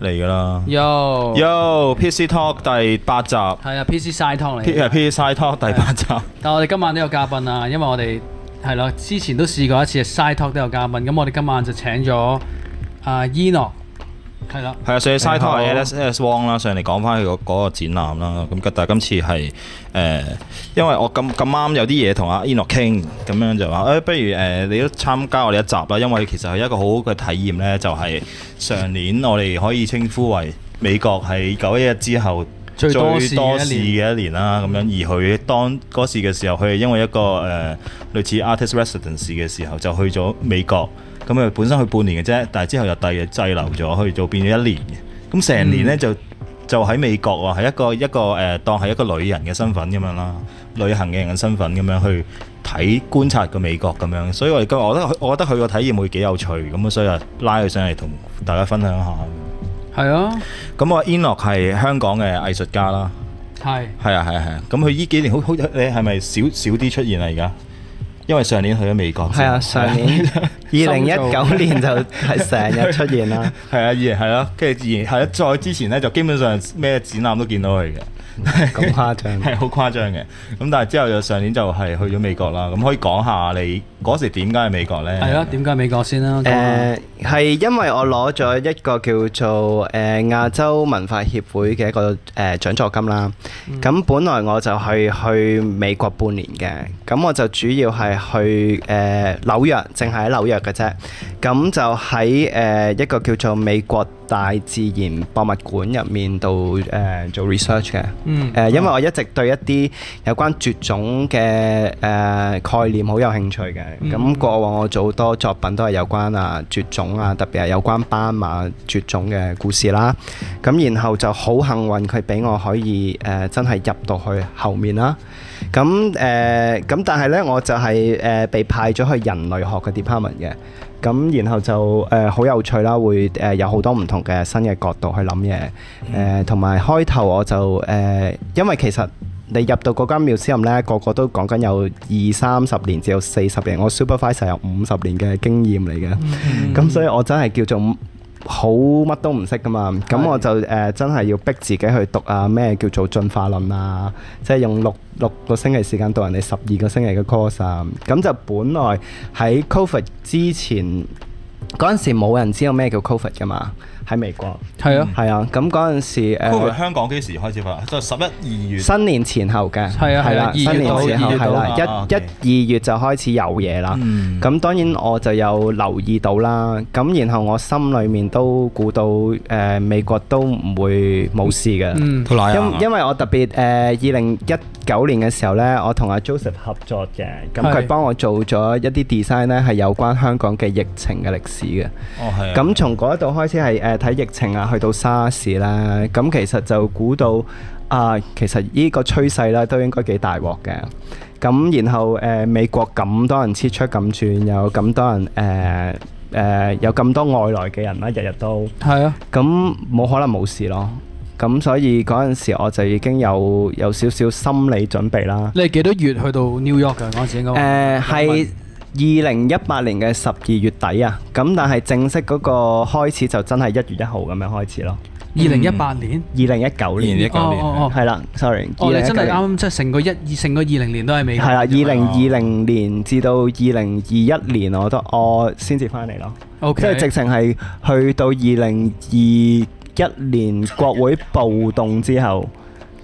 嚟㗎啦，Yo Yo Yo, PC Talk 第八集，係啊 PC Side Talk 嚟，係 PC, PC Side Talk 第八集。啊、但係我哋今晚都有嘉賓啊，因為我哋係咯，之前都試過一次 Side Talk 都有嘉賓，咁我哋今晚就請咗阿、啊 Enoch 係啦，係啊，所以 SideTalk S Wang 啦，上嚟講翻佢嗰嗰個展覽啦。咁但係今次係誒、呃，因為我咁咁啱有啲嘢同阿 Enoch 傾，咁樣就話誒、哎，不如誒、呃、你都參加我哋一集啦，因為其實係一個好好嘅體驗咧、就是，就係上年我哋可以稱呼為美國喺九一一之後最多事嘅一年啦。咁樣而佢當嗰時嘅時候，佢係因為一個誒、呃、類似 artist residency 嘅時候，就去咗美國。咁啊，本身去半年嘅啫，但係之後又滯滯留咗，去就變咗一年嘅。咁成年咧就就喺美國喎，係一個一個誒，當係一個旅人嘅身份咁樣啦，旅行嘅人嘅身份咁樣去睇觀察個美國咁樣。所以我覺得，我覺得佢個體驗會幾有趣咁啊，所以啊，拉佢上嚟同大家分享下。係啊，咁我 Enoch 係香港嘅藝術家啦。係。係啊，係啊，係啊。咁佢呢幾年好好，你係咪少少啲出現啊？而家？因為上年去咗美國，係啊，上年二零一九年就係成日出現啦，係啊，然係咯，跟住然係再之前咧，就基本上咩展覽都見到佢嘅。咁誇張係好 誇張嘅，咁但係之後又上年就係去咗美國啦。咁可以講下你嗰時點解去美國呢？係啊，點解美國先啦？誒、呃，係因為我攞咗一個叫做誒、呃、亞洲文化協會嘅一個誒獎、呃、助金啦。咁、嗯、本來我就係去，去美國半年嘅，咁我就主要係去誒、呃、紐約，淨係喺紐約嘅啫。咁就喺誒、呃、一個叫做美國大自然博物館入面度誒、呃、做 research 嘅，誒、嗯呃、因為我一直對一啲有關絕種嘅誒、呃、概念好有興趣嘅，咁、嗯、過往我做好多作品都係有關啊絕種啊，特別係有關斑馬絕種嘅故事啦。咁然後就好幸運，佢俾我可以誒、呃、真係入到去後面啦。咁誒咁，呃、但係呢，我就係、是、誒、呃、被派咗去人類學嘅 department 嘅。咁然後就誒好、呃、有趣啦，會誒、呃、有好多唔同嘅新嘅角度去諗嘢，誒同埋開頭我就誒、呃，因為其實你入到嗰間廟師入咧，個個都講緊有二三十年至有四十年，我 supervisor 有五十年嘅經驗嚟嘅，咁、mm hmm. 所以我真係叫做。好乜都唔識噶嘛，咁我就誒是的、呃、真係要逼自己去讀啊，咩叫做進化論啊，即係用六六個星期時間讀人哋十二個星期嘅 course 啊，咁就本來喺 COVID 之前嗰陣時冇人知道咩叫 COVID 噶嘛。喺美國，係啊，係啊，咁嗰陣時誒，香港幾時開始發？就十一二月，新年前後嘅，係啊，係啦，二月開始，係啦，一一二月就開始有嘢啦。咁當然我就有留意到啦，咁然後我心裡面都估到誒美國都唔會冇事嘅。嗯，好耐啊，因因為我特別誒二零一九年嘅時候咧，我同阿 Joseph 合作嘅，咁佢幫我做咗一啲 design 咧，係有關香港嘅疫情嘅歷史嘅。哦，係。咁從嗰一度開始係誒。睇疫情啊，去到沙士啦，咁其實就估到啊，其實呢個趨勢咧都應該幾大鑊嘅。咁然後誒、呃、美國咁多人撤出咁轉，又咁多人誒誒、呃呃、有咁多外來嘅人啦，日日都係是啊。咁冇可能冇事咯。咁所以嗰陣時我就已經有有少少心理準備啦。你係幾多月去到 New York 嘅嗰陣時應該？誒係、呃。二零一八年嘅十二月底啊，咁但係正式嗰個開始就真係一月一號咁樣開始咯。二零一八年，二零一九年，一九年係啦，sorry。二零真係啱，即係成個一二成個二零年都係美國。係啦，二零二零年至到二零二一年，我都我先至翻嚟咯。O K，即係直情係去到二零二一年國會暴動之後，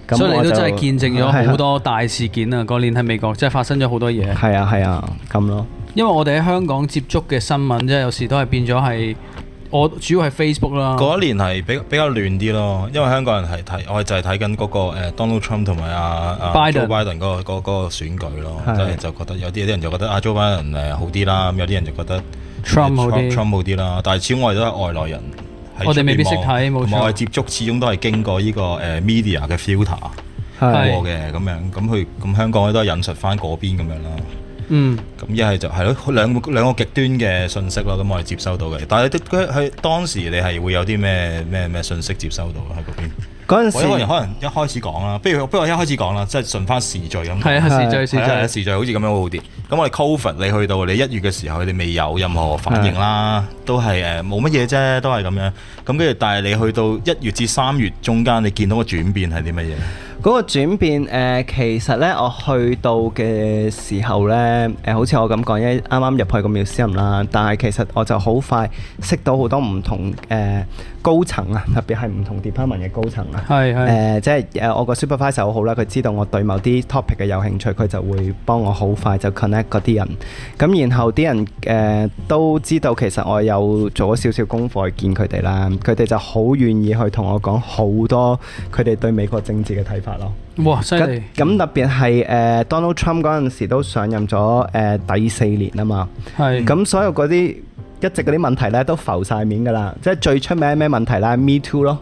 所以你都真係見證咗好多大事件啊！嗰年喺美國即係發生咗好多嘢。係啊係啊，咁咯。因為我哋喺香港接觸嘅新聞，即係有時都係變咗係我主要係 Facebook 啦。嗰一年係比較比較亂啲咯，因為香港人係睇，我哋就係睇緊嗰個 Donald Trump 同埋阿阿 Joe Biden 嗰、嗰個嗰嗰、嗰個、選舉咯，即係是就覺得有啲有啲人就覺得阿、啊、Joe Biden 誒好啲啦，有啲人就覺得 Trump 好啲，Trump 好啲啦。但係始終我哋都係外來人，我人，我哋未必識睇冇錯。同埋接觸始終都係經過呢、呢個誒 media 嘅 filter 過嘅咁樣，咁佢咁香港都係引述翻嗰邊咁樣啦。嗯，咁一係就係咯，兩兩個極端嘅信息咯，咁我哋接收到嘅。但係佢係當時你係會有啲咩咩咩信息接收到喺嗰邊？嗰那時，可能一開始講啦，不如不如我一開始講啦，即係順翻時序咁。係啊，啊啊啊啊啊時序好似咁樣會好啲。咁我哋 cover 你去到你一月嘅時候，你未有任何反應啦是、啊，都係誒冇乜嘢啫，都係咁樣。咁跟住，但係你去到一月至三月中間，你見到個轉變係啲乜嘢？嗰個轉變，呃、其實咧，我去到嘅時候咧，誒、呃、好似我咁講，一啱啱入去個 museum 啦，但係其實我就好快識到好多唔同誒、呃、高層啊，特別係唔同 department 嘅高層啊，係係、 呃、即係誒、呃、我個 supervisor 好好啦，佢知道我對某啲 topic 嘅有興趣，佢就會幫我好快就 connect 嗰啲人，咁然後啲人誒、呃、都知道其實我有做咗少少功課去見佢哋啦，佢哋就好願意去同我講好多佢哋對美國政治嘅睇法。咯，哇，犀利！咁特別係誒 Donald Trump 嗰陣時都上任咗誒第四年啊嘛，係，咁所有嗰啲一直嗰啲問題咧都浮晒面㗎喇，即係最出名咩問題咧？Me Too 咯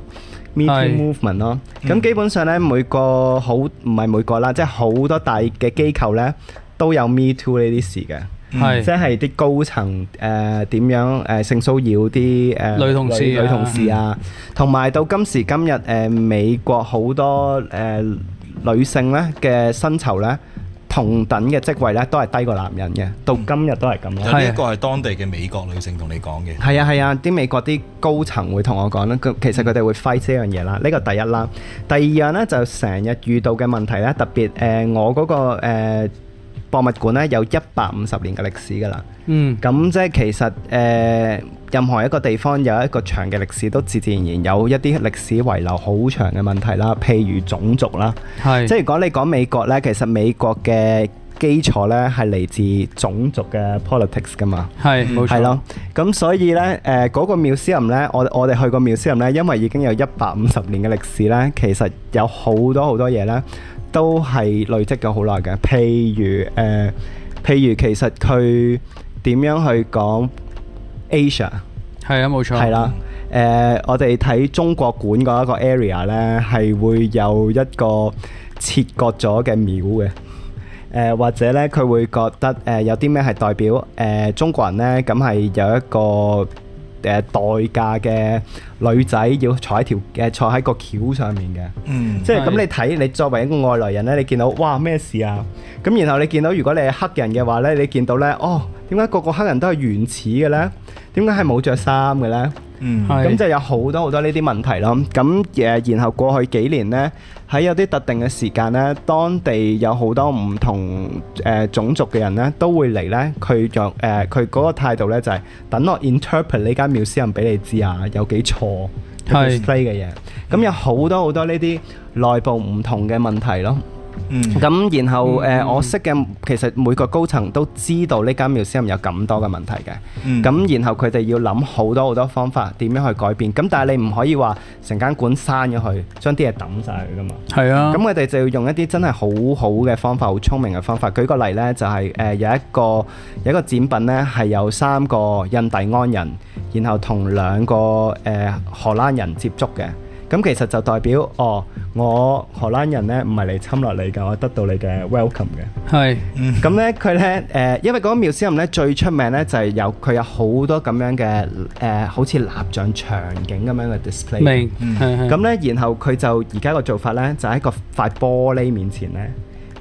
，Me Too Movement 咯，咁基本上咧每個好唔係每個啦，即係好多大嘅機構咧都有 Me Too 呢啲事嘅。係，即係啲高層誒點樣誒性騷擾啲誒女同事、女同事啊，同埋到今時今日誒美國好多誒女性咧嘅薪酬咧，同等嘅職位咧都係低過男人嘅，到今日都係咁樣。呢個係當地嘅美國女性同你講嘅。係啊係啊，啲美國啲高層會同我講咧，佢其實佢哋會 fight 呢樣嘢啦。呢個第一啦，第二樣咧就成日遇到嘅問題咧，特別誒我嗰個誒。博物館咧有一百五十年嘅歷史㗎啦，嗯，咁即係其實誒、呃，任何一個地方有一個長嘅歷史，都自自然然有一啲歷史遺留好長嘅問題啦，譬如種族啦，係是，即係如果你講美國呢，其實美國嘅基礎呢係嚟自種族嘅 politics 噶嘛，係冇是、嗯、錯，係咯，咁所以呢，誒、呃、嗰、那個 museum 呢，我我哋去過 museum 呢，因為已經有一百五十年嘅歷史咧，其實有好多好多嘢咧。都係累積咗好耐嘅，譬如誒、呃，譬如其實佢點樣去講 Asia？係啊，冇錯。係啦，誒、呃，我哋睇中國館嗰一個 area 咧，係會有一個切割咗嘅廟嘅，誒、呃、或者咧佢會覺得誒有啲咩係代表誒、呃、中國人咧，咁係有一個。呃、代價嘅女仔要坐喺條誒坐喺個橋上面嘅，嗯，即係咁你睇你作為一個外來人咧，你見到哇咩事啊？咁然後你見到如果你係黑人嘅話咧，你見到咧哦，點解個個黑人都係原始嘅咧？點解係冇着衫嘅咧？嗯，咁就有好多好多呢啲問題咯。咁誒，然後過去幾年呢，喺有啲特定嘅時間呢，當地有好多唔同誒種族嘅人呢，都會嚟呢。佢就誒佢嗰個態度呢，就係等我 interpret 呢間廟司人俾你知啊，有幾錯，係嘅嘢。咁有好多好多呢啲內部唔同嘅問題咯。嗯，咁然後誒，我識嘅其實每個高層都知道呢間廟先有咁多嘅問題嘅，咁然後佢哋要諗好多好多方法，點樣去改變？咁但係你唔可以話成間館閂咗佢，將啲嘢抌晒佢噶嘛？係啊，咁佢哋就要用一啲真係好好嘅方法，好聰明嘅方法。舉個例呢，就係誒有一個有一個展品呢係有三個印第安人，然後同兩個誒荷蘭人接觸嘅。咁其實就代表哦，我荷蘭人咧唔係嚟侵略你㗎，我得到你嘅 welcome 嘅。係，咁咧佢咧誒，因為嗰、那個苗僑人咧最出名咧就係有佢有好多咁樣嘅誒、呃，好似蠟像場，場景咁樣嘅 display。明，咁、嗯、咧，呢嗯、然後佢就而家個做法咧，就喺個塊玻璃面前咧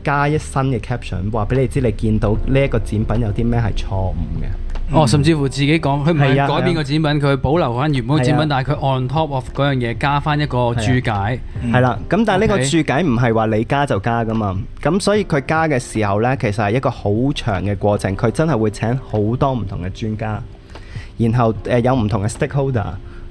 加一新嘅 caption，話俾你知你見到呢一個展品有啲咩係錯誤嘅。哦，甚至乎自己講，佢唔係改變個展品，佢的保留翻原本個展品，的但係佢 on top of 嗰樣嘢加翻一個注解，係啦的。咁、嗯、但係呢個注解唔係話你加就加噶嘛。咁 Okay? 所以佢加嘅時候咧，其實係一個好長嘅過程，佢真係會請好多唔同嘅專家，然後誒有唔同嘅 stakeholder，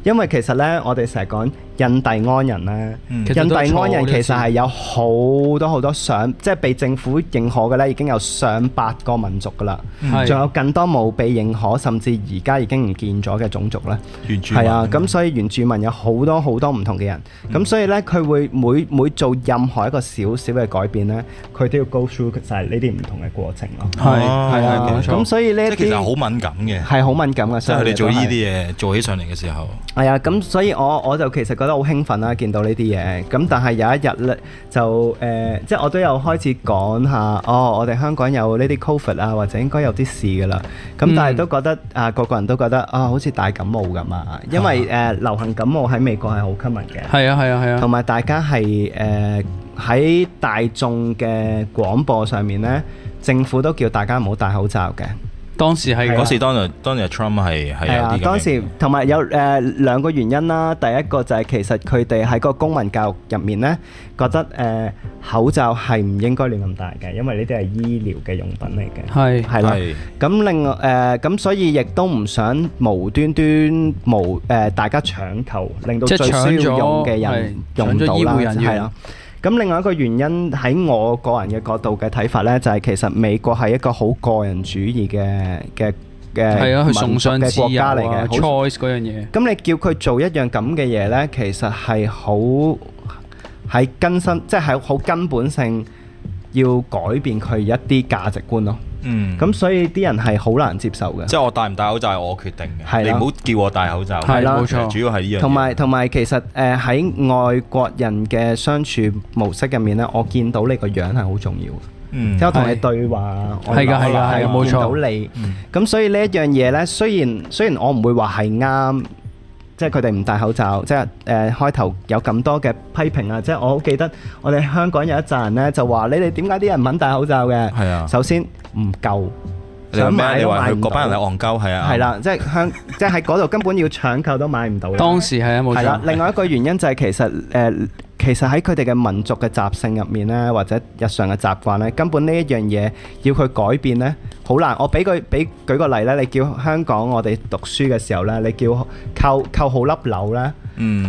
因為其實咧我哋成日講。印第安人咧，印第安人其實係有好多好多上，即係被政府認可嘅咧，已經有上百個民族噶啦，仲有更多冇被認可，甚至而家已經唔見咗嘅種族咧。原住民係啊，咁所以原住民有好多好多唔同嘅人，咁所以咧佢會每每做任何一個小小嘅改變咧，佢都要 go through 曬呢啲唔同嘅過程咯。係，係，係，咁所以咧，其實好敏感嘅，係好敏感嘅，即係佢哋做呢啲嘢做起上嚟嘅時候。係啊，咁所以我我就其實覺得都好興奮啦！見到呢啲嘢咁，但係有一日咧就誒，即係我都有開始講下哦。我哋香港有呢啲 COVID 啊，或者應該有啲事噶啦。咁但係都覺得啊，個個人都覺得啊，好似大感冒咁啊，因為誒流行感冒喺美國係好 common 嘅，係啊，係啊，係啊，同埋大家係誒喺大眾嘅廣播上面呢，政府都叫大家唔好戴口罩嘅。當時係嗰、啊、時，當日 Trump 係係有啲嘅。當時同埋有誒、呃、兩個原因啦。第一個就係其實佢哋喺個公民教育入面咧，覺得誒、呃、口罩係唔應該亂咁戴嘅，因為呢啲係醫療嘅用品嚟嘅。係係啦。咁另外誒咁、呃，所以亦都唔想無端端無誒、呃、大家搶購，令到最需要用嘅人用到啦。係咯。咁另外一個原因喺我個人嘅角度嘅睇法呢，就係、是、其實美國係一個好個人主義嘅嘅嘅國家嚟嘅，崇尚自由啊好 choice 嗰樣嘢。咁你叫佢做一樣咁嘅嘢呢，其實係好喺根深，即係好根本性要改變佢一啲價值觀咯。嗯，咁所以啲人係好難接受嘅。即係我戴唔戴口罩係我決定嘅，你唔好叫我戴口罩。係啦，冇錯，主要係呢樣。同埋同埋其實誒喺外國人嘅相處模式入面咧，我見到你個樣係好重要嘅。嗯，即係我同你對話，我見到你。嗯，咁所以呢一樣嘢咧，雖然雖然我唔會話係啱。即係佢哋唔戴口罩，即係誒開頭有咁多嘅批評啊！即係我好記得，我哋香港有一陣咧就話：你哋點解啲人唔肯戴口罩嘅？係啊，首先唔夠。想買，你話佢嗰班人係戇鳩，係啊！係啦，即係香，即係喺嗰度根本要搶購都買唔到。當時係啊，冇錯。係啦，另外一個原因就係其實誒，其實喺佢哋嘅民族嘅習性入面咧，或者日常嘅習慣咧，根本呢一樣嘢要佢改變咧，好難。我俾佢俾舉個例咧，你叫香港我哋讀書嘅時候咧，你叫扣扣好粒樓啦。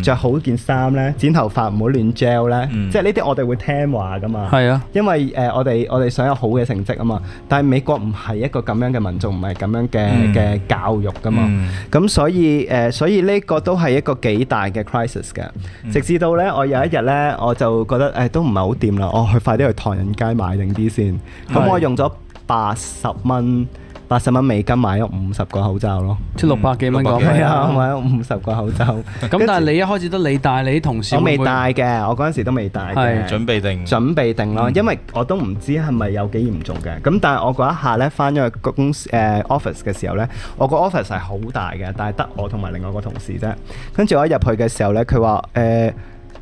着好件衫咧，剪頭髮唔好亂 gel 咧，嗯、即係呢啲我哋會聽話噶嘛。係啊，因為誒、呃、我哋我哋想有好嘅成績啊嘛。但係美國唔係一個咁樣嘅民族，唔係咁樣嘅嘅、嗯、教育噶嘛。咁、嗯、所以誒、呃，所以呢個都係一個幾大嘅 crisis 嘅。嗯、直至到咧，我有一日咧，我就覺得誒、哎、都唔係好掂啦，我、哦、去快啲去唐人街買定啲先。咁我用咗八十蚊。八十蚊美金買咗五十個口罩咯，即六百幾蚊個，買咗五十個口罩。咁但係你一開始都你戴，你啲同事我未戴嘅，我嗰陣時都未戴嘅，準備定準備定咯，因為我都唔知係咪有幾嚴重嘅。咁但係我嗰一下咧，翻咗去公司誒 office 嘅時候咧，我個 office 係好大嘅，但係得我同埋另外個同事啫。跟住我一入去嘅時候咧，佢話誒，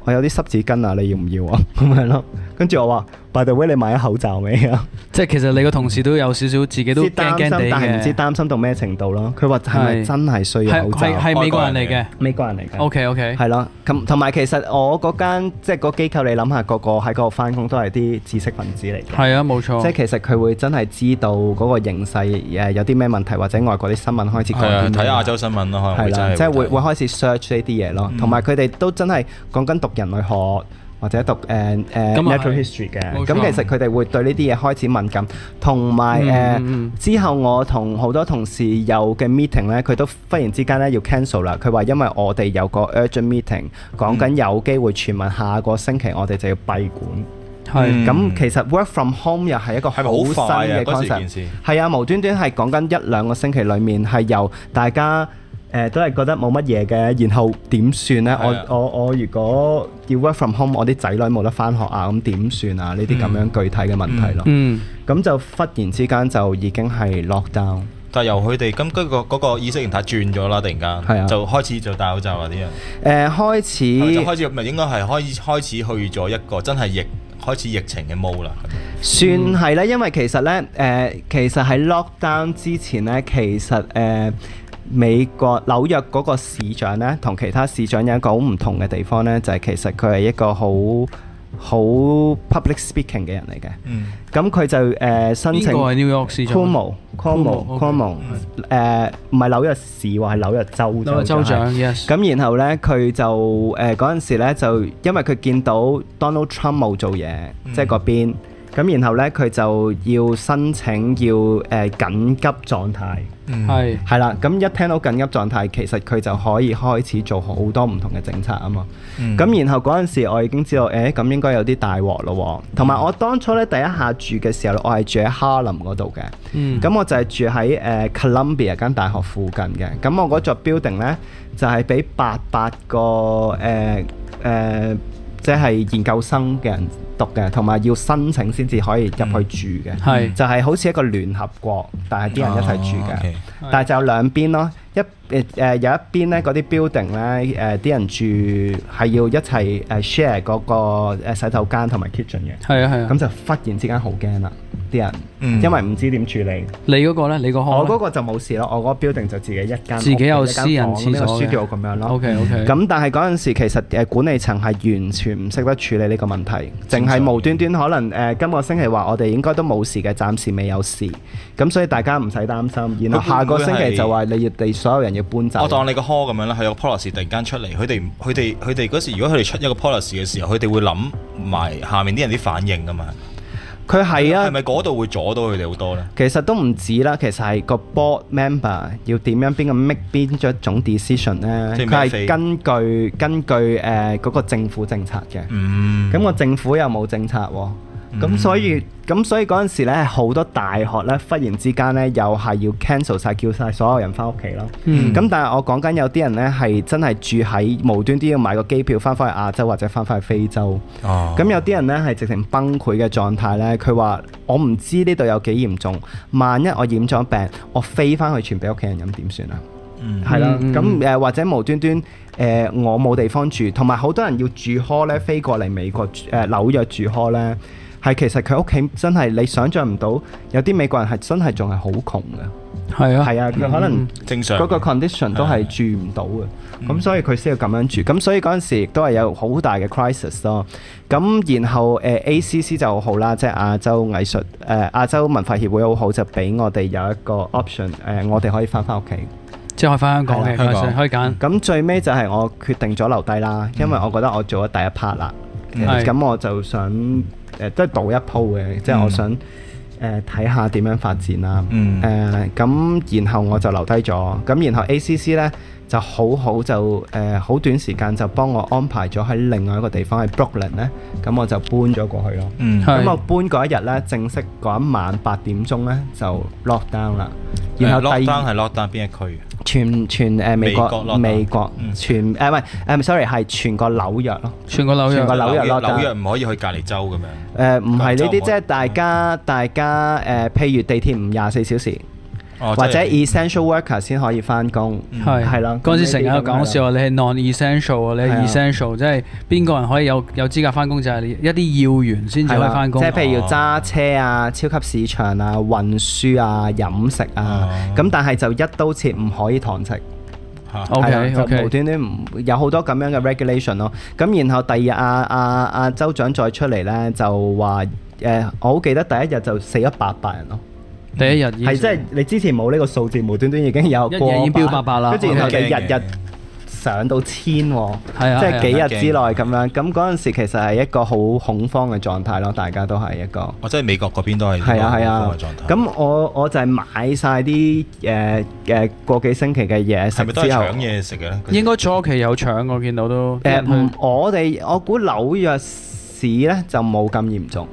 我有啲濕紙巾啊，你要唔要啊？咁咪咯。跟住我話，By the way，你買咗口罩未啊？即係其實你個同事都有少少自己都驚驚地嘅，但係唔知擔心到咩程度咯。佢話係咪真係需要口罩？係係美國人嚟嘅，美國人嚟嘅。OK OK，係咯。咁同埋其實我嗰間即係個機構，你諗下，個個喺嗰度翻工都係啲知識分子嚟嘅。係啊，冇錯。即係其實佢會真係知道嗰個形勢誒有啲咩問題，或者外國啲新聞開始講啲，睇亞洲新聞咯，係啦，即係會會開始 search 呢啲嘢咯。同埋佢哋都真係講緊讀人類學。或者讀誒誒 Natural History 嘅，咁其實佢哋會對呢啲嘢開始敏感，同埋誒之後我同好多同事有嘅 meeting 咧，佢都忽然之間咧要 cancel 啦。佢話因為我哋有個 urgent meeting，講緊有機會傳聞下個星期我哋就要閉館。係咁，其實 work from home 又係一個係咪好新嘅 concept？係啊，無端端係講緊一兩個星期裡面係由大家。誒、呃、都係覺得冇乜嘢嘅，然後點算呢？啊、我我我如果要 work from home，我啲仔女冇得返學啊，咁點算啊？呢啲咁樣具體嘅問題咯、嗯。嗯、咁、嗯、就忽然之間就已經係 lock down，但係由佢哋咁嗰個意識形態轉咗啦，突然間，係啊就就、呃，就開始就戴口罩啊啲啊。誒，開始，開始咪應該係開開始去咗一個真係疫開始疫情嘅 mode 啦。嗯、算係咧，因為其實呢，誒、呃，其實喺 lock down 之前呢，其實誒。呃呃呃美國紐約嗰個市長咧，同其他市長有一個好唔同嘅地方咧，就係、是、其實佢係一個好好 public speaking 嘅人嚟嘅。嗯，咁佢就誒、呃、申請 New York 市長。Cuomo Cuomo Cuomo 誒唔係紐約市，話係紐約州州長。Yes。咁然後咧佢就誒嗰陣時咧就因為佢見到 Donald Trump 冇做嘢，嗯、即係嗰邊。咁然後咧，佢就要申請要誒、呃、緊急狀態，係係啦。咁一聽到緊急狀態，其實佢就可以開始做好多唔同嘅政策啊嘛。咁、mm. 然後嗰陣時，我已經知道，誒咁應該有啲大鑊咯。同埋我當初咧第一下住嘅時候，我係住喺哈林嗰度嘅，咁、mm. 我就係住喺誒 Columbia 間大學附近嘅。咁我嗰座 building 呢，就係俾八百個誒誒。呃呃即係研究生嘅人讀嘅，同埋要申請先至可以入去住嘅，係、嗯、就係好似一個聯合國，但係啲人一齊住嘅，哦、okay, okay. 但係就有兩邊咯，一誒、呃、有一邊咧嗰啲 building 咧誒啲人住係要一齊誒 share 嗰個洗手間同埋 kitchen 嘅，係啊係啊，咁、啊、就忽然之間好驚啦。啲人，因為唔知點處理。你嗰個咧？你個殼，我嗰個就冇事咯。我嗰個 building 就自己一間，自己有私人廁所咁樣咯。OK OK。咁但係嗰陣時其實誒管理層係完全唔識得處理呢個問題，淨係無端端可能誒、呃、今個星期話我哋應該都冇事嘅，暫時未有事。咁所以大家唔使擔心。然後下個星期就話你要哋所有人要搬走。會會我當你個殼咁樣啦，係有 policy 突然間出嚟，佢哋佢哋佢哋嗰時如果佢哋出一個 policy 嘅時候，佢哋會諗埋下面啲人啲反應㗎嘛。佢係啊，係咪嗰度會阻到佢哋好多咧？其實都唔止啦，其實係個 board member 要點樣邊個 make 邊種 decision 咧？佢係是根據、嗯、根據誒嗰、呃嗰個、政府政策嘅，咁、嗯、個政府又冇政策喎、哦。咁所以咁所以嗰陣時咧，好多大學咧忽然之間咧，又係要 cancel 晒、叫晒所有人翻屋企咯。咁但係我講緊有啲人咧係真係住喺無端端要買個機票翻返去亞洲或者翻返去非洲。咁有啲人咧係直情崩潰嘅狀態咧，佢話我唔知呢度有幾嚴重，萬一我染咗病，我飛翻去傳俾屋企人飲點算啊？係啦，咁誒或者無端端誒我冇地方住，同埋好多人要住 hall 咧飛過嚟美國誒紐約住 hall 咧。係，其實佢屋企真係你想像唔到，有啲美國人係真係仲係好窮嘅。係啊，係啊，佢、嗯、可能正常嗰個 condition 都係住唔到嘅，咁、啊、所以佢先要咁樣住。咁、嗯、所以嗰陣時亦都係有好大嘅 crisis 咯。咁然後誒、呃、ACC 就好啦，即係亞洲藝術誒、呃、亞洲文化協會好好就俾我哋有一個 option，誒、呃、我哋可以返返屋企，嗯、即係可以返香港嘅，可以揀。咁最尾就係我決定咗留低啦，因為我覺得我做咗第一 part 啦。咁我就想誒，即係賭一鋪嘅，即係我想誒睇下點樣發展啦。誒咁、嗯，呃、然後我就留低咗。咁然後 A.C.C 咧。就好好就誒好短時間就幫我安排咗喺另外一個地方喺 Brooklyn 咧，咁我就搬咗過去咯。嗯，咁我搬嗰一日咧，正式嗰一晚八點鐘咧就 lockdown 啦。然後 lockdown 係 lockdown 邊一區？全全誒美國美國全誒唔係誒，sorry 係全個紐約咯。全個紐約，全個紐約 lockdown。紐約唔可以去隔離州咁樣？誒唔係呢啲，即係大家大家誒，譬如地鐵唔廿四小時。或者 essential worker 先可以翻工，係係啦。嗰陣時成日都講笑話，你係 non essential，你係 essential，即係邊個人可以有有資格翻工就係一啲要員先至可以翻工，即係譬如要揸車啊、超級市場啊、運輸啊、飲食啊，咁但係就一刀切唔可以堂食。嚇，OK k 就無端端唔有好多咁樣嘅 regulation 咯。咁然後第二日啊啊啊州長再出嚟咧，就話誒，我好記得第一日就死一百八人咯。第一日係即係你之前冇呢個數字，無端端已經有過百八百啦，跟住然後就日日上到千喎，即係幾日之內咁樣。咁嗰陣時其實係一個好恐慌嘅狀態咯，大家都係一個。我即係美國嗰邊都係係啊係啊，咁我我就係買曬啲誒誒過幾星期嘅嘢，係咪都係搶嘢食嘅咧？應該早期有搶，我見到都誒。唔，我哋我估紐約市咧就冇咁嚴重。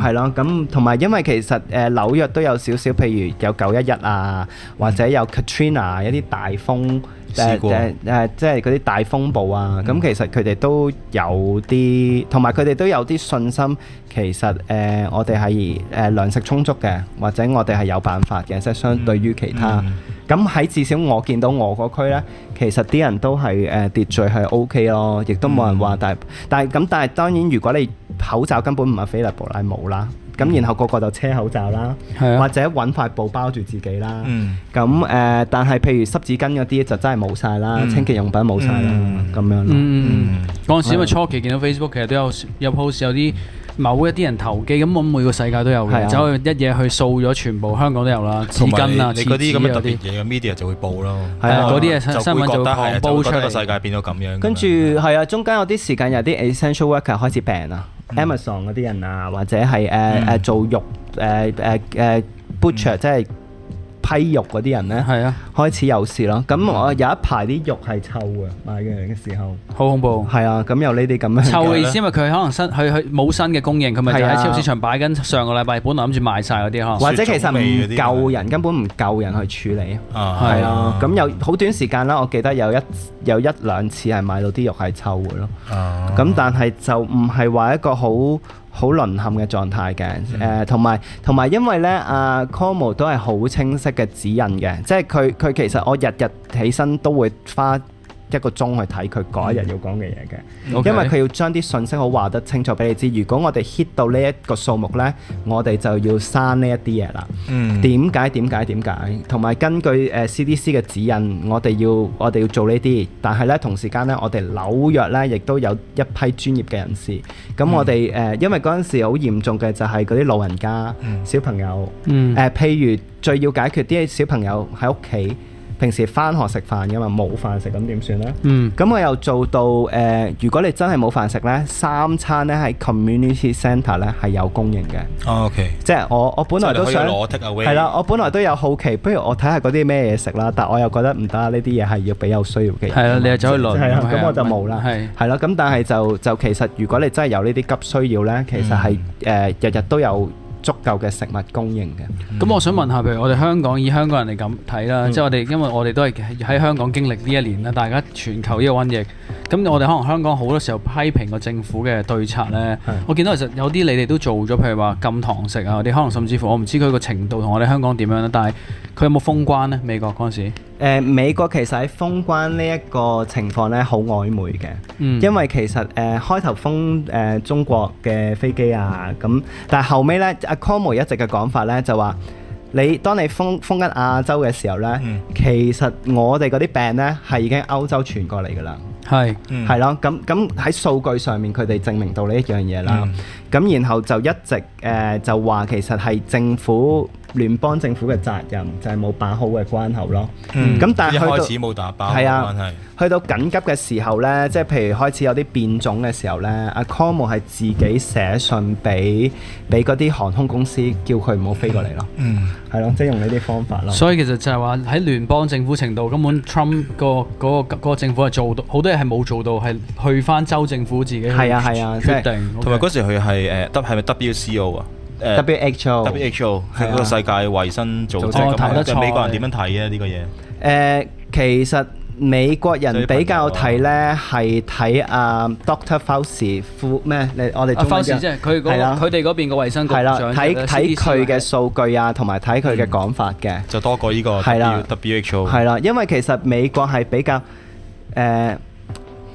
係咯，咁同埋因為其實誒、呃、紐約都有少少，譬如有九一一啊，或者有 Katrina 一啲大風誒誒過、呃呃呃、即係嗰啲大風暴啊。咁、嗯、其實佢哋都有啲，同埋佢哋都有啲信心。其實誒、呃，我哋係誒糧食充足嘅，或者我哋係有辦法嘅。即係相對於其他，咁喺、嗯、至少我見到我個區咧，其實啲人都係誒、呃、秩序係 OK 咯，亦都冇人話大。但係咁，但係當然如果你，如果你口罩根本唔係，菲力布拉冇啦，咁然後個個就車口罩啦，啊、或者揾塊布包住自己啦。咁誒、嗯，嗯嗯、但係譬如濕紙巾嗰啲就真係冇晒啦，嗯、清潔用品冇晒啦，咁、嗯、樣。嗯，嗰陣、嗯、時因為初期見到 Facebook 其實都有有好似有啲。某一啲人投機，咁我每個世界都有嘅，走去一嘢去掃咗全部，香港都有啦，紙巾啊，嗰啲咁嘅特別嘢，media 就會報囉。係啊，嗰啲嘢新聞就大會報出嚟。個世界變到咁樣。跟住係啊，中間有啲時間有啲 essential worker 開始病啊，Amazon 嗰啲人啊，或者係誒誒做肉誒誒誒 butcher 即係。批肉嗰啲人呢，係啊，開始有事咯。咁我有一排啲肉係臭嘅，買嘅時候，好恐怖。係啊，咁有呢啲咁嘅臭嘅意思，因為佢可能新佢佢冇新嘅供應，佢咪喺超市場擺緊上個禮拜本來諗住賣曬嗰啲呵，或者其實唔夠人，根本唔夠人去處理。啊，係啊，咁有好短時間啦。我記得有一有一兩次係買到啲肉係臭嘅咯。啊，咁但係就唔係話一個好。好淪陷嘅狀態嘅，誒同埋同埋，因為咧啊，Cuomo 都係好清晰嘅指引嘅，即係佢佢其實我日日起身都會花。一個鐘去睇佢嗰一日要講嘅嘢嘅，嗯、因為佢要將啲信息好話得清楚俾你知。如果我哋 hit 到呢一個數目呢，我哋就要刪呢一啲嘢啦。點解、嗯？點解？點解？同埋根據誒 CDC 嘅指引，我哋要我哋要做呢啲，但係呢，同時間呢，我哋紐約呢亦都有一批專業嘅人士。咁我哋誒、嗯呃，因為嗰陣時好嚴重嘅就係嗰啲老人家、嗯、小朋友。誒、嗯呃，譬如最要解決啲小朋友喺屋企。平時翻學食飯嘅嘛，冇飯食咁點算呢？嗯，咁我又做到誒、呃，如果你真係冇飯食呢，三餐呢喺 community center 呢係有供應嘅。哦、okay，即係我我本來都想係啦，我本來都有好奇，不如我睇下嗰啲咩嘢食啦，但我又覺得唔得，呢啲嘢係要俾有需要嘅。係啦，你又走去攞，咁我就冇啦。係係啦，咁但係就就其實，如果你真係有呢啲急需要呢，其實係誒日日都有。嗯嗯足夠嘅食物供應嘅，咁、嗯、我想問下，譬如我哋香港以香港人嚟咁睇啦，嗯、即係我哋因為我哋都係喺香港經歷呢一年啦，大家全球呢個瘟疫，咁我哋可能香港好多時候批評個政府嘅對策呢。的我見到其實有啲你哋都做咗，譬如話禁糖食啊，我哋可能甚至乎我唔知佢個程度同我哋香港點樣啦，但係佢有冇封關呢？美國嗰陣時？誒，美國其實喺封關呢一個情況咧，好曖昧嘅，嗯、因為其實誒、呃、開頭封誒中國嘅飛機啊，咁但係後尾咧，阿 Cuomo 一直嘅講法咧就話，你當你封封緊亞洲嘅時候咧，嗯、其實我哋嗰啲病咧係已經歐洲傳過嚟㗎啦，係係、嗯、咯，咁咁喺數據上面佢哋證明到呢一樣嘢啦，咁、嗯、然後就一直誒、呃、就話其實係政府。聯邦政府嘅責任就係、是、冇把好嘅關口咯。嗯，咁但係開始冇打包關係。係啊，去到緊急嘅時候咧，即係譬如開始有啲變種嘅時候咧，阿 c o 科莫係自己寫信俾俾嗰啲航空公司，叫佢唔好飛過嚟咯。嗯，係咯，即係用呢啲方法咯。所以其實就係話喺聯邦政府程度，根本 Trump、嗰個嗰、嗰個嗰個政府係做到好多嘢係冇做到，係去翻州政府自己係啊係啊，即係定。同埋嗰時佢係誒得係咪 WCO 啊？W H O，W H O 係個世界衞生組織咁啊，即係美國人點樣睇啊？呢個嘢誒，其實美國人比較睇咧，係睇阿 Doctor Fauci 副咩？你我哋仲有即係佢個佢哋嗰邊個衞生局長，睇睇佢嘅數據啊，同埋睇佢嘅講法嘅，就多過呢個係啦。W H O 係啦，因為其實美國係比較誒。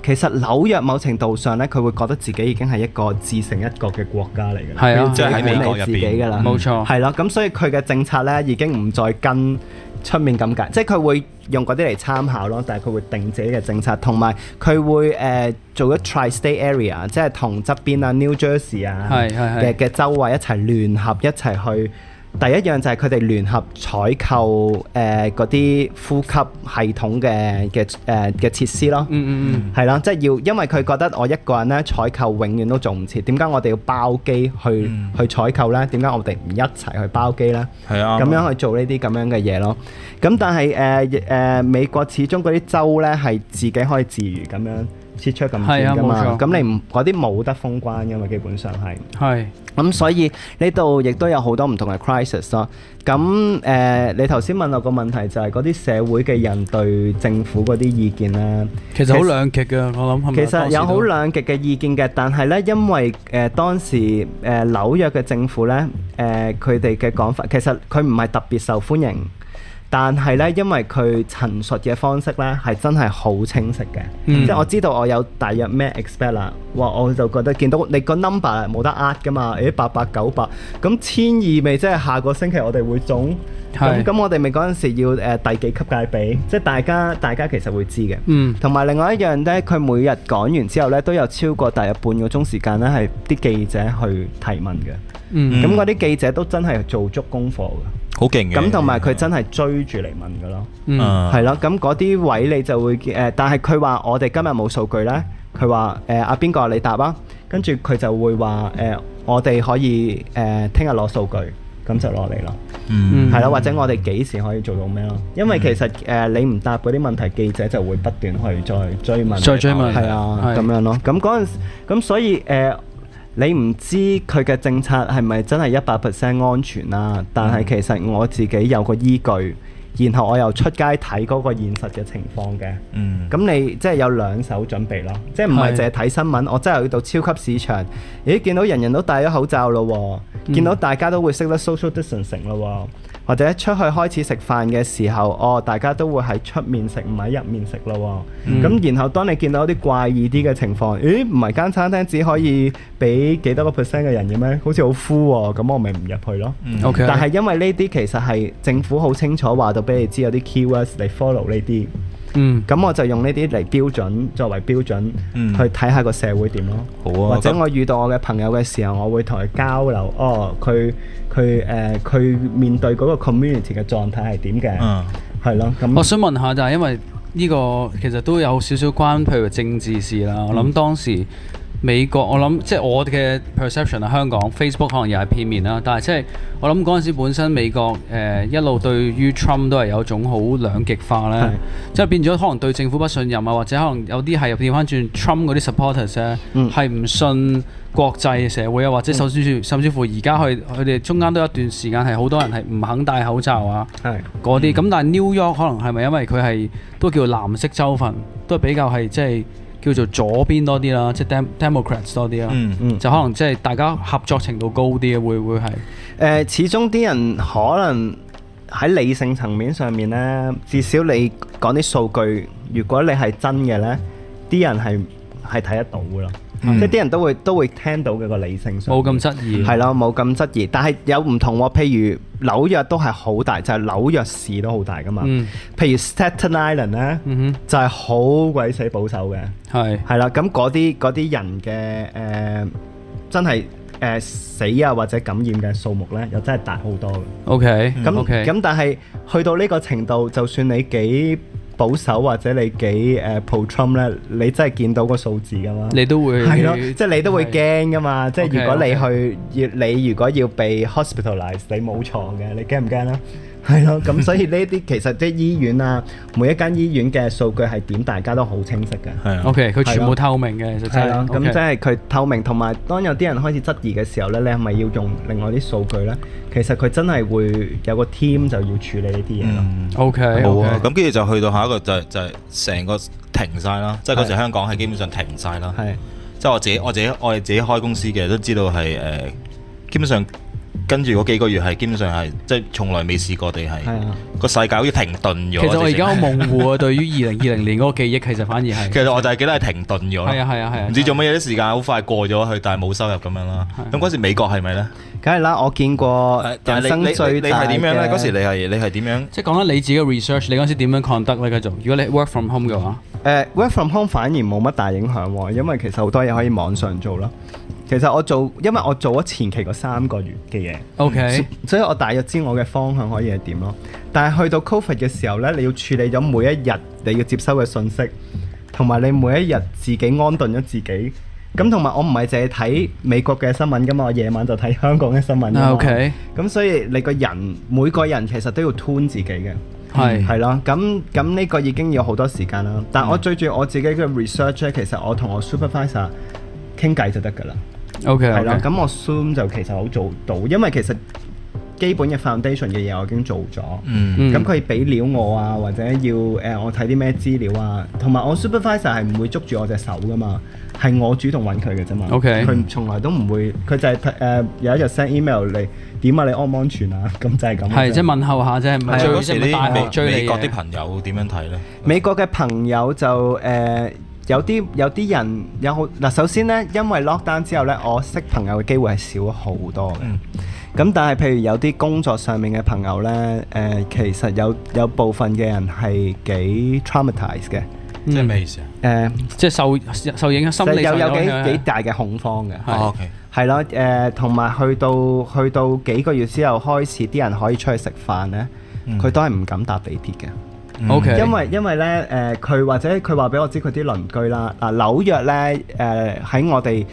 其實紐約某程度上咧，佢會覺得自己已經係一個自成一國嘅國家嚟嘅，即係喺美國入邊自己嘅啦，冇錯。係咯，咁所以佢嘅政策咧已經唔再跟出面咁解，即係佢會用嗰啲嚟參考咯。但係佢會定自己嘅政策，同埋佢會誒、呃、做一 tri-state area，即係同側邊啊 New Jersey 啊嘅嘅周圍一齊聯合一齊去。第一樣就係佢哋聯合採購誒嗰啲呼吸系統嘅嘅誒嘅設施咯，嗯嗯嗯，係、hmm. 啦，即係要，因為佢覺得我一個人咧採購永遠都做唔切，點解我哋要包機去去採購咧？點解我哋唔一齊去包機咧？係啊、mm，咁、hmm. 樣去做呢啲咁樣嘅嘢咯。咁但係誒誒美國始終嗰啲州咧係自己可以自如咁樣切出咁遠㗎嘛，咁你唔嗰啲冇得封關㗎嘛，基本上係。係。咁所以呢度亦都有好多唔同嘅 crisis 咯。咁誒，你頭先問我個問題就係嗰啲社會嘅人對政府嗰啲意見啦。其實好兩極嘅，我諗係咪？其實有好兩極嘅意見嘅，但係咧，因為誒當時誒紐約嘅政府咧，誒佢哋嘅講法其實佢唔係特別受歡迎。但係咧，因為佢陳述嘅方式咧係真係好清晰嘅，嗯、即係我知道我有大約咩 expect 啦，哇我就覺得見到你個 number 冇得壓㗎嘛，啲八百九百，咁千二咪即係下個星期我哋會總，咁是、嗯嗯、我哋咪嗰陣時要誒第幾級界比，即係大家大家其實會知嘅，同埋、嗯、另外一樣咧，佢每日講完之後咧都有超過大約半個鐘時，時間咧係啲記者去提問嘅。咁嗰啲記者都真係做足功課嘅，好勁嘅。咁同埋佢真係追住嚟問嘅咯，係咯。咁嗰啲位你就會誒，但係佢話我哋今日冇數據呢，佢話誒阿邊個你答啊，跟住佢就會話誒我哋可以誒聽日攞數據，咁就落嚟咯。嗯，係咯，或者我哋幾時可以做到咩咯？因為其實誒你唔答嗰啲問題，記者就會不斷去再追問，再追問係啊，咁樣咯。咁嗰陣咁所以誒。你唔知佢嘅政策係咪真係一百 percent 安全啦？但係其實我自己有個依據，然後我又出街睇嗰個現實嘅情況嘅。嗯，咁你即係有兩手準備咯，即係唔係淨係睇新聞？我真係去到超級市場，咦，見到人人都戴咗口罩咯，見到大家都會識得 social distancing 咯。或者出去開始食飯嘅時候，哦，大家都會喺出面食唔喺入面食咯喎。咁、嗯、然後當你見到啲怪異啲嘅情況，咦，唔係間餐廳只可以俾幾多個 percent 嘅人嘅咩？好似好 full 喎，咁我咪唔入去咯。嗯 okay。但係因為呢啲其實係政府好清楚話到俾你知有啲 keywords 你 follow 呢啲。嗯，咁我就用呢啲嚟標準作為標準，嗯、去睇下個社會點咯。好啊，或者我遇到我嘅朋友嘅時候，我會同佢交流，哦，佢佢誒佢面對嗰個 community 嘅狀態係點嘅，係咯、嗯。咁我想問下就係因為呢個其實都有少少關，譬如政治事啦。我諗當時，嗯美國，我諗即係我嘅 perception 喺香港 Facebook 可能又係片面啦，但係即係我諗嗰陣時本身美國誒、呃、一路對於 Trump 都係有種好兩極化咧，的即係變咗可能對政府不信任啊，或者可能有啲係又調返轉 Trump 嗰啲 supporters 咧係唔信國際社會啊，或者甚至甚至乎而家佢佢哋中間都有一段時間係好多人係唔肯戴口罩啊，嗰啲咁。但係 New York 可能係咪因為佢係都叫藍色州份，都係比較係即係。叫做左邊多啲啦，即係 dem Democrats 多啲啦，嗯，嗯，就可能即係大家合作程度高啲嘅，會唔會係？誒，始終啲人可能喺理性層面上面咧，至少你講啲數據，如果你係真嘅咧，啲人係係睇得到噶啦。即係啲人都會都會聽到佢個理性上，冇咁質疑，係啦，冇咁質疑，但係有唔同喎。譬如紐約都係好大，就係紐約市都好大噶嘛。譬如 Staten Island 咧，就係好鬼死保守嘅，係係啦。咁嗰啲嗰啲人嘅誒真係誒死啊或者感染嘅數目咧，又真係大好多嘅。OK，咁 OK，咁但係去到呢個程度，就算你幾。保守或者你幾誒、uh, Pro Trump 咧，Trump, 你真係見到個數字噶嘛？你都會係咯，即係你都會驚噶嘛？Okay, 即係如果你去 okay. 要，你如果要被 hospitalize 你冇牀嘅，你驚唔驚啊？係咯，咁所以呢啲其實即係醫院啊，每一間醫院嘅數據係點，大家都好清晰嘅。係啊，OK，佢全部透明嘅，其實真係。係咯，咁即係佢透明，同埋當有啲人開始質疑嘅時候咧，你係咪要用另外啲數據咧？其實佢真係會有個 team 就要處理呢啲嘢咯。嗯，OK，好啊。咁跟住就去到下一個就係就係成個停曬啦，即係嗰時香港係基本上停曬啦。係，即係我自己我自己我哋自己開公司嘅都知道係誒，基本上。跟住嗰幾個月係基本上係，即係從來未試過地係，個、啊、世界好似停頓咗。其實我而家好模糊啊， 對於二零二零年嗰個記憶，其實反而係。 其實我就係記得係停頓咗，係啊係啊係啊，唔、啊啊、知做乜嘢啲時間好、啊、快過咗去，但係冇收入咁樣啦。咁嗰、啊、時美國係咪呢？梗係啦，我見過。但係你你你係點樣咧？嗰時你係你係點樣？即係講緊你自己嘅 research，你嗰時點樣抗得呢？繼續，如果你 work from home 嘅話、uh，work from home 反而冇乜大影響喎，因為其實好多嘢可以網上做啦。其實我做，因為我做咗前期嗰三個月嘅嘢，OK，所以，所以我大約知我嘅方向可以係點咯。但係去到 COVID 嘅時候呢，你要處理咗每一日你要接收嘅信息，同埋你每一日自己安頓咗自己。咁同埋我唔係淨係睇美國嘅新聞噶嘛，我夜晚就睇香港嘅新聞。OK，咁所以你個人每個人其實都要 turn 自己嘅，係係咯。咁咁呢個已經要好多時間啦。但係我追住我自己嘅 research 呢，其實我同我 supervisor 傾偈就得噶啦。Okay, okay. O K，係啦，咁我 Zoom 就其實好做到，因為其實基本嘅 foundation 嘅嘢我已經做咗、嗯。嗯，咁佢俾料我啊，或者要誒、呃、我睇啲咩資料啊，同埋我 supervisor 係唔會捉住我隻手噶嘛，係我主動揾佢嘅啫嘛。O K，佢從來都唔會，佢就係、是、誒、呃、有一日 send email 你點啊，你安唔安全啊？咁就係咁。係即問候下啫。係，有時啲美美國啲朋友點樣睇咧？美國嘅朋友就誒。呃有啲有啲人有好嗱，首先咧，因為 lock down 之後咧，我識朋友嘅機會係少咗好多嘅。咁但係，譬如有啲工作上面嘅朋友咧，誒，其實有有部分嘅人係幾 traumatized 嘅，即係咩意思啊？誒，即係受受影響心理上有影響嘅。有有幾幾大嘅恐慌嘅。係，係咯。誒，同埋去到去到幾個月之後開始，啲人可以出去食飯咧，佢都係唔敢搭地鐵嘅。O.K. 因為因為咧，誒，佢或者佢話俾我知佢啲鄰居啦，啊紐約咧，誒喺我哋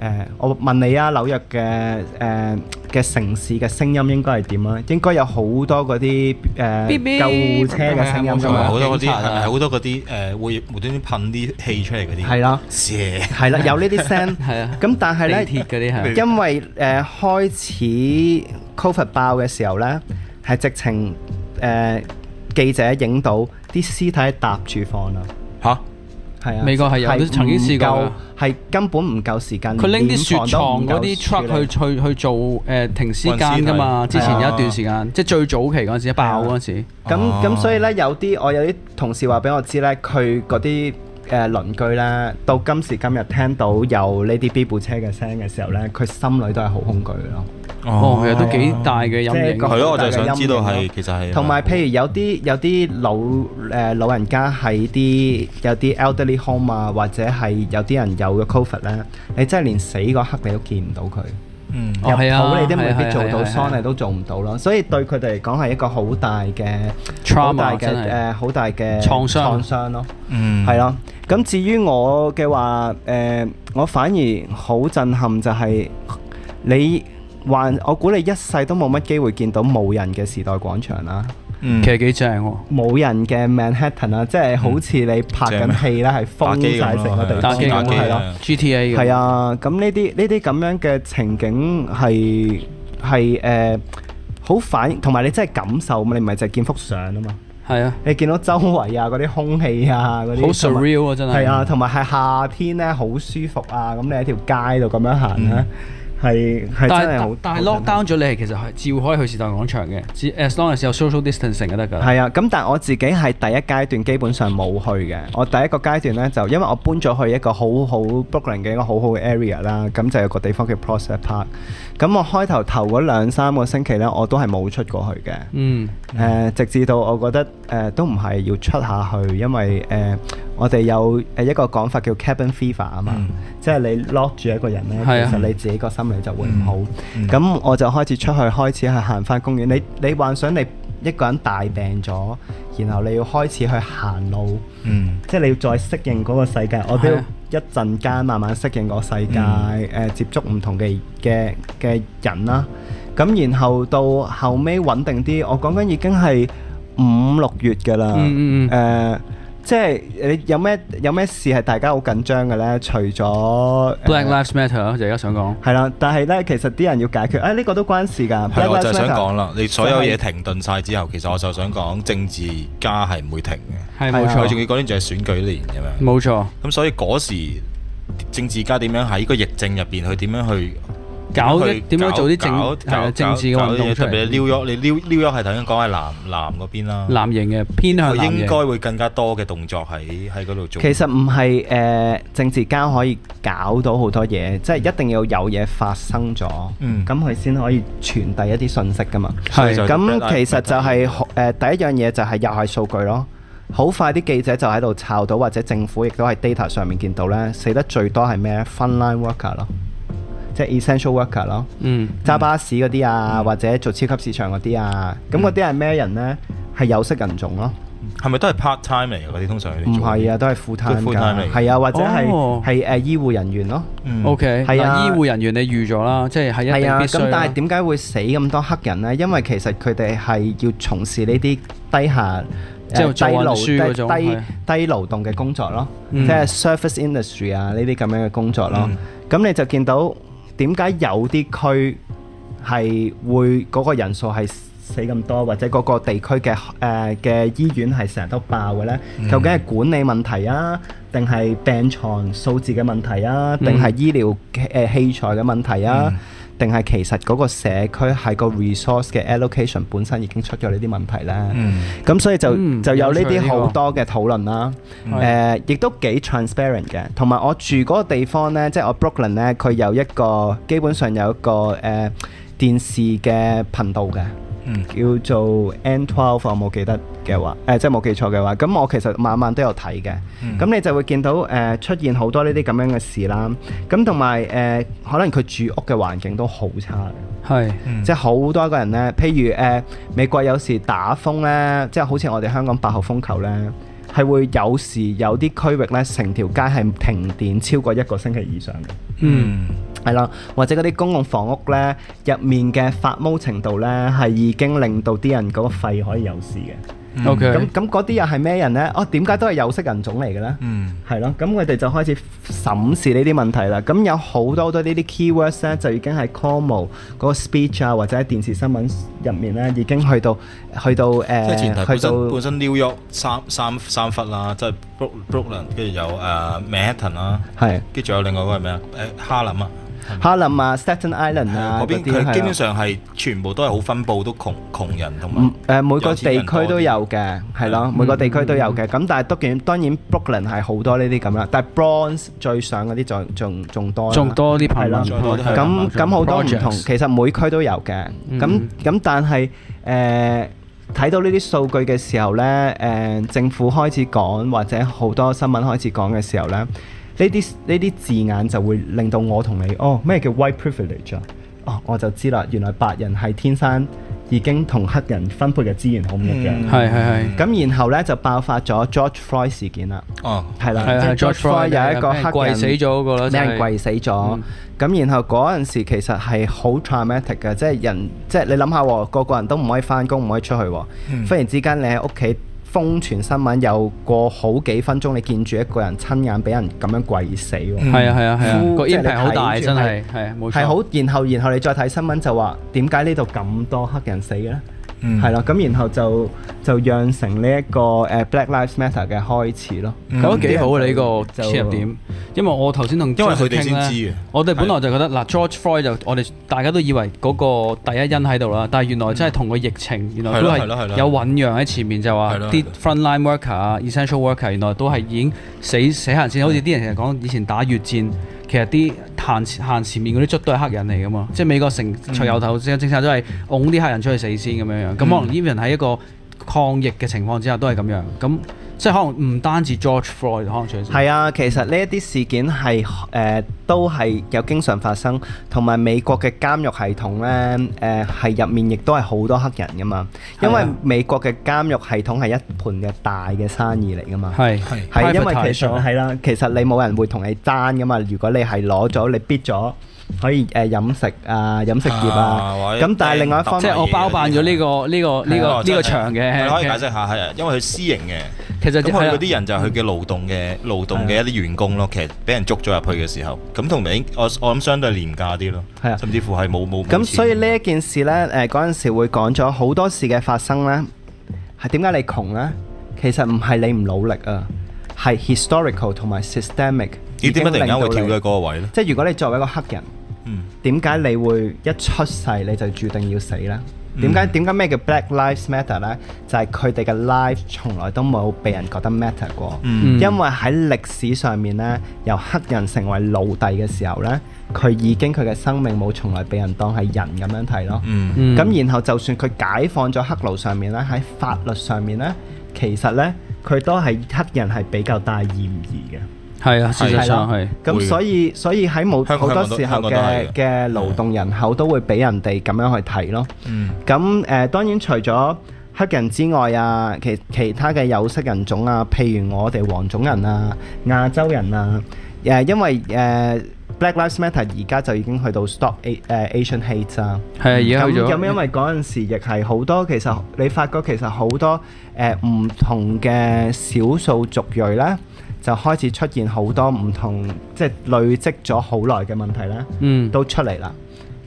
誒，我問你啊，紐約嘅誒嘅城市嘅聲音應該係點啊？應該有好多嗰啲誒救護車嘅聲音噶嘛，好多嗰啲係好多嗰啲誒會無端端噴啲氣出嚟嗰啲，係咯，蛇係啦，有呢啲聲係啊。咁但係咧，因為誒開始 COVID 爆嘅時候咧，係直情誒。記者影到啲屍體搭住放啊！嚇，係啊，美國係有啲曾經試過，係根本唔夠時間。佢拎啲雪藏嗰啲 truck 去去去做誒停屍間㗎嘛？之前有一段時間，即係最早期嗰陣時，爆嗰陣時。咁咁所以咧，有啲我有啲同事話俾我知咧，佢嗰啲誒鄰居咧，到今時今日聽到有呢啲 B 部車嘅聲嘅時候咧，佢心裏都係好恐懼咯。哦，其實都幾大嘅陰影，係咯，我就係想知道係其實係同埋，譬如有啲有啲老誒老人家喺啲有啲 elderly home 啊，或者係有啲人有個 COVID 咧，你真係連死嗰刻你都見唔到佢。嗯，入土你都未必做到，喪禮都做唔到咯。所以對佢哋嚟講係一個好大嘅好大嘅誒好大嘅創傷創傷咯。嗯，係咯。咁至於我嘅話，誒我反而好震撼就係你。還我估你一世都冇乜機會見到冇人嘅時代廣場啦，其實幾正喎！冇人嘅 Manhattan 啊，即係好似你拍緊戲咧，係封晒成個地方，係咯，GTA 係啊！咁呢啲呢啲咁樣嘅情景係係誒好反，同埋你真係感受嘛？你唔係淨係見幅相啊嘛？係啊！你見到周圍啊嗰啲空氣啊嗰啲，好 surreal 啊！真係係啊！同埋係夏天咧，好舒服啊！咁你喺條街度咁樣行啊。係係但係想，但係 lock down 咗，你係其實照可以去時代廣場嘅，只 as long as 有 social distancing 就得㗎。係啊，咁但係我自己係第一階段基本上冇去嘅。我第一個階段呢，就因為我搬咗去一個好好 Brooklyn 嘅一個好好嘅 area 啦，咁就有個地方叫 Prospect Park。咁我開頭頭嗰兩三個星期咧，我都係冇出過去嘅。嗯。誒、呃，直至到我覺得誒、呃、都唔係要出下去，因為誒、呃、我哋有誒一個講法叫 cabin fever 啊嘛，嗯、即係你 lock 住一個人咧，嗯、其實你自己個心理就會唔好。咁、嗯、我就開始出去，嗯、開始去行翻公園。你你幻想你一個人大病咗，然後你要開始去行路，嗯、即係你要再適應嗰個世界。我都要。一陣間慢慢適應個世界，誒、嗯呃、接觸唔同嘅嘅嘅人啦，咁、啊、然後到後尾穩定啲，我講緊已經係五六月㗎啦，誒、嗯嗯嗯呃。即係你有咩有咩事係大家好緊張嘅呢？除咗 Black Lives Matter 咯，就而家想講。係啦，但係呢，其實啲人要解決，哎呢個都關事㗎。係我就想講啦，你所有嘢停頓晒之後，其實我就想講政治家係唔會停嘅。係冇錯。佢仲要嗰年仲係選舉年咁樣。冇錯。咁所以嗰時政治家點樣喺呢個疫症入邊，佢點樣去？搞啲點樣做啲政係政治嘅運動出嚟，特別你紐約你紐約紐約係頭先講係藍藍嗰邊啦，藍營嘅偏向嘅，佢應該會更加多嘅動作喺喺嗰度做。其實唔係誒政治家可以搞到好多嘢，即係一定要有嘢發生咗，咁佢先可以傳遞一啲信息噶嘛。係咁，其實就係誒第一樣嘢就係又係數據咯。好快啲記者就喺度抄到，或者政府亦都喺 data 上面見到咧，死得最多係咩？frontline worker 咯。即係 essential worker 咯，揸巴士嗰啲啊，或者做超級市場嗰啲啊，咁嗰啲係咩人咧？係有色人種咯，係咪都係 part time 嚟嘅？嗰啲通常唔係啊，都係 full time 㗎，係啊，或者係係誒醫護人員咯。OK，係啊，醫護人員你預咗啦，即係係啊。咁但係點解會死咁多黑人咧？因為其實佢哋係要從事呢啲低下即係低勞低低低勞動嘅工作咯，即係 surface industry 啊呢啲咁樣嘅工作咯。咁你就見到。點解有啲區係會嗰個人數係死咁多，或者嗰個地區嘅誒嘅醫院係成日都爆嘅呢？嗯、究竟係管理問題啊，定係病床數字嘅問題啊，定係醫療、呃、器材嘅問題啊？嗯嗯定係其實嗰個社區係個 resource 嘅 allocation 本身已經出咗呢啲問題咧，咁、嗯、所以就就有呢啲好多嘅討論啦。誒、嗯，亦、呃、的都幾 transparent 嘅。同埋我住嗰個地方咧，即、就、係、是、我 Brooklyn、ok、咧，佢有一個基本上有一個誒、呃、電視嘅頻道嘅。叫做 N12，我冇記得嘅話，誒、呃、即係冇記錯嘅話，咁我其實晚晚都有睇嘅。咁、嗯、你就會見到誒、呃、出現好多呢啲咁樣嘅事啦。咁同埋誒，可能佢住屋嘅環境都好差嘅。係，嗯、即係好多個人咧，譬如誒、呃、美國有時打風咧，即係好似我哋香港八號風球咧，係會有時有啲區域咧，成條街係停電超過一個星期以上。嗯。係啦，或者嗰啲公共房屋咧入面嘅發毛程度咧，係已經令到啲人嗰個肺可以有事嘅。OK。咁咁嗰啲又係咩人咧？哦，點解都係有色人種嚟嘅咧？嗯，係咯。咁我哋就開始審視呢啲問題啦。咁有好多好多呢啲 keywords 咧，就已經喺 Cuomo 嗰個 speech 啊，或者喺電視新聞入面咧，已經去到去到誒，去到本身紐約三三三忽啦，即係 Brooklyn，跟住有誒 Manhattan 啦，係，跟住仲有另外一個係咩啊？誒哈林啊。哈林啊 Staten Island 啊，嗰邊佢基本上係全部都係好分佈都窮窮人同埋。誒每個地區都有嘅，係咯，每個地區都有嘅。咁但係當然當然 Brooklyn 係好多呢啲咁啦，但係 Bronx 最上嗰啲仲仲仲多。仲多啲貧民。係啦，咁咁好多唔同。其實每區都有嘅。咁咁但係誒睇到呢啲數據嘅時候咧，誒政府開始講或者好多新聞開始講嘅時候咧。呢啲呢啲字眼就會令到我同你哦咩叫 white privilege 啊、哦？哦我就知啦，原來白人係天生已經同黑人分配嘅資源好唔一樣嘅。係係係。咁、嗯、然後咧就爆發咗 George Floyd 事件啦。哦係啦，即係了的 George Floyd 有一個黑人跪死咗個啦，俾人跪死咗。咁、就是嗯、然後嗰陣時其實係好 traumatic 嘅，即、就、係、是、人即係、就是、你諗下，個個人都唔可以翻工，唔可以出去，嗯、忽然之間你喺屋企。封傳新聞有過好幾分鐘，你見住一個人親眼俾人咁樣跪死喎。係啊係啊係啊，個煙係好大，啊啊、真係係啊冇錯。係好、啊，然後然後你再睇新聞就話點解呢度咁多黑人死嘅咧？嗯，係啦，咁然後就就釀成呢一個誒 Black Lives Matter 嘅開始咯，覺得幾好啊！呢個切入點。因為我頭先同因為佢哋先知我哋本來就覺得嗱 George Floyd 就我哋大家都以為嗰個第一因喺度啦，但係原來真係同個疫情原來都係有醖釀喺前面，就話啲 frontline worker 啊，essential worker 原來都係已經死死行先，好似啲人成日講以前打越戰。其實啲行行前面嗰啲卒都係黑人嚟噶嘛，即係美國成除由頭先嘅政策都係拱啲黑人出去死先咁樣樣。咁、嗯嗯、可能呢啲人喺一個抗疫嘅情況之下都係咁樣咁。即係可能唔單止 George Floyd 可能，係 啊， 其實呢一啲事件係誒、呃、都係有經常發生，同埋美國嘅監獄系統咧誒係入面亦都係好多黑人噶嘛，因為美國嘅監獄系統係一盤嘅大嘅生意嚟噶嘛，係係因為其實係啦， 其實你冇人會同你爭噶嘛，如果你係攞咗你 bid 咗。可以誒飲食啊，飲食業啊，咁但係另外一方面，即係我包辦咗呢個呢個呢個呢個場嘅。你可以解釋下係，因為佢私營嘅，其實咁佢嗰啲人就係佢嘅勞動嘅勞動嘅一啲員工咯。其實俾人捉咗入去嘅時候，咁同比我我諗相對廉價啲咯，甚至乎係冇冇。咁所以呢一件事咧，誒嗰陣時會講咗好多事嘅發生啦。係點解你窮咧？其實唔係你唔努力啊，係 historical 同埋 systemic。你點解突然間會跳咗嗰個位咧？即係如果你作為一個黑人，嗯，點解你會一出世你就注定要死咧？點解點解咩叫 Black Lives Matter 咧？就係佢哋嘅 life 從來都冇被人覺得 matter 過。嗯，因為喺歷史上面咧，由黑人成為奴隸嘅時候咧，佢已經佢嘅生命冇從來被人當係人咁樣睇咯，嗯，咁然後就算佢解放咗黑奴上面咧，喺法律上面咧，其實咧佢都係黑人係比較帶嫌疑嘅。係啊，事實上係。咁所以所以喺冇好多時候嘅嘅勞動人口都會俾人哋咁樣去睇咯。咁誒當然除咗黑人之外啊，其其他嘅有色人種啊，譬如我哋黃種人啊、亞洲人啊，誒因為誒 Black Lives Matter 而家就已經去到 Stop 誒 Asian Hate 啊。係啊，已經開咗。咁因為嗰陣時亦係好多，其實你發覺其實好多誒唔同嘅少數族裔咧。就開始出現好多唔同，即係累積咗好耐嘅問題咧，嗯、都出嚟啦。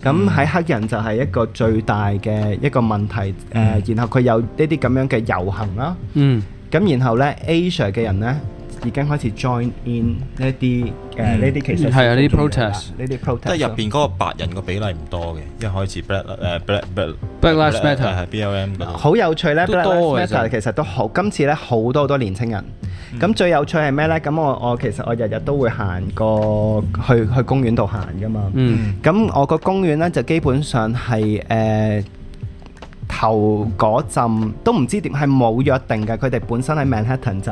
咁喺黑人就係一個最大嘅一個問題，誒、嗯呃，然後佢有呢啲咁樣嘅遊行啦。咁、嗯、然後咧，Asia 嘅人咧，已經開始 join in 呢啲誒呢啲其實係啊呢啲 protest，呢啲 protest，但係入邊嗰個白人個比例唔多嘅，一開始 black、uh, black black lives matter 係 BLM 好有趣咧 black lives matter 其實都好，今次咧好多好多年青人。咁、嗯、最有趣係咩咧？咁我我其實我日日都會行過去去公園度行㗎嘛。嗯，咁我個公園咧就基本上係誒、呃、頭嗰陣都唔知點係冇約定嘅，佢哋本身喺 Manhattan 就。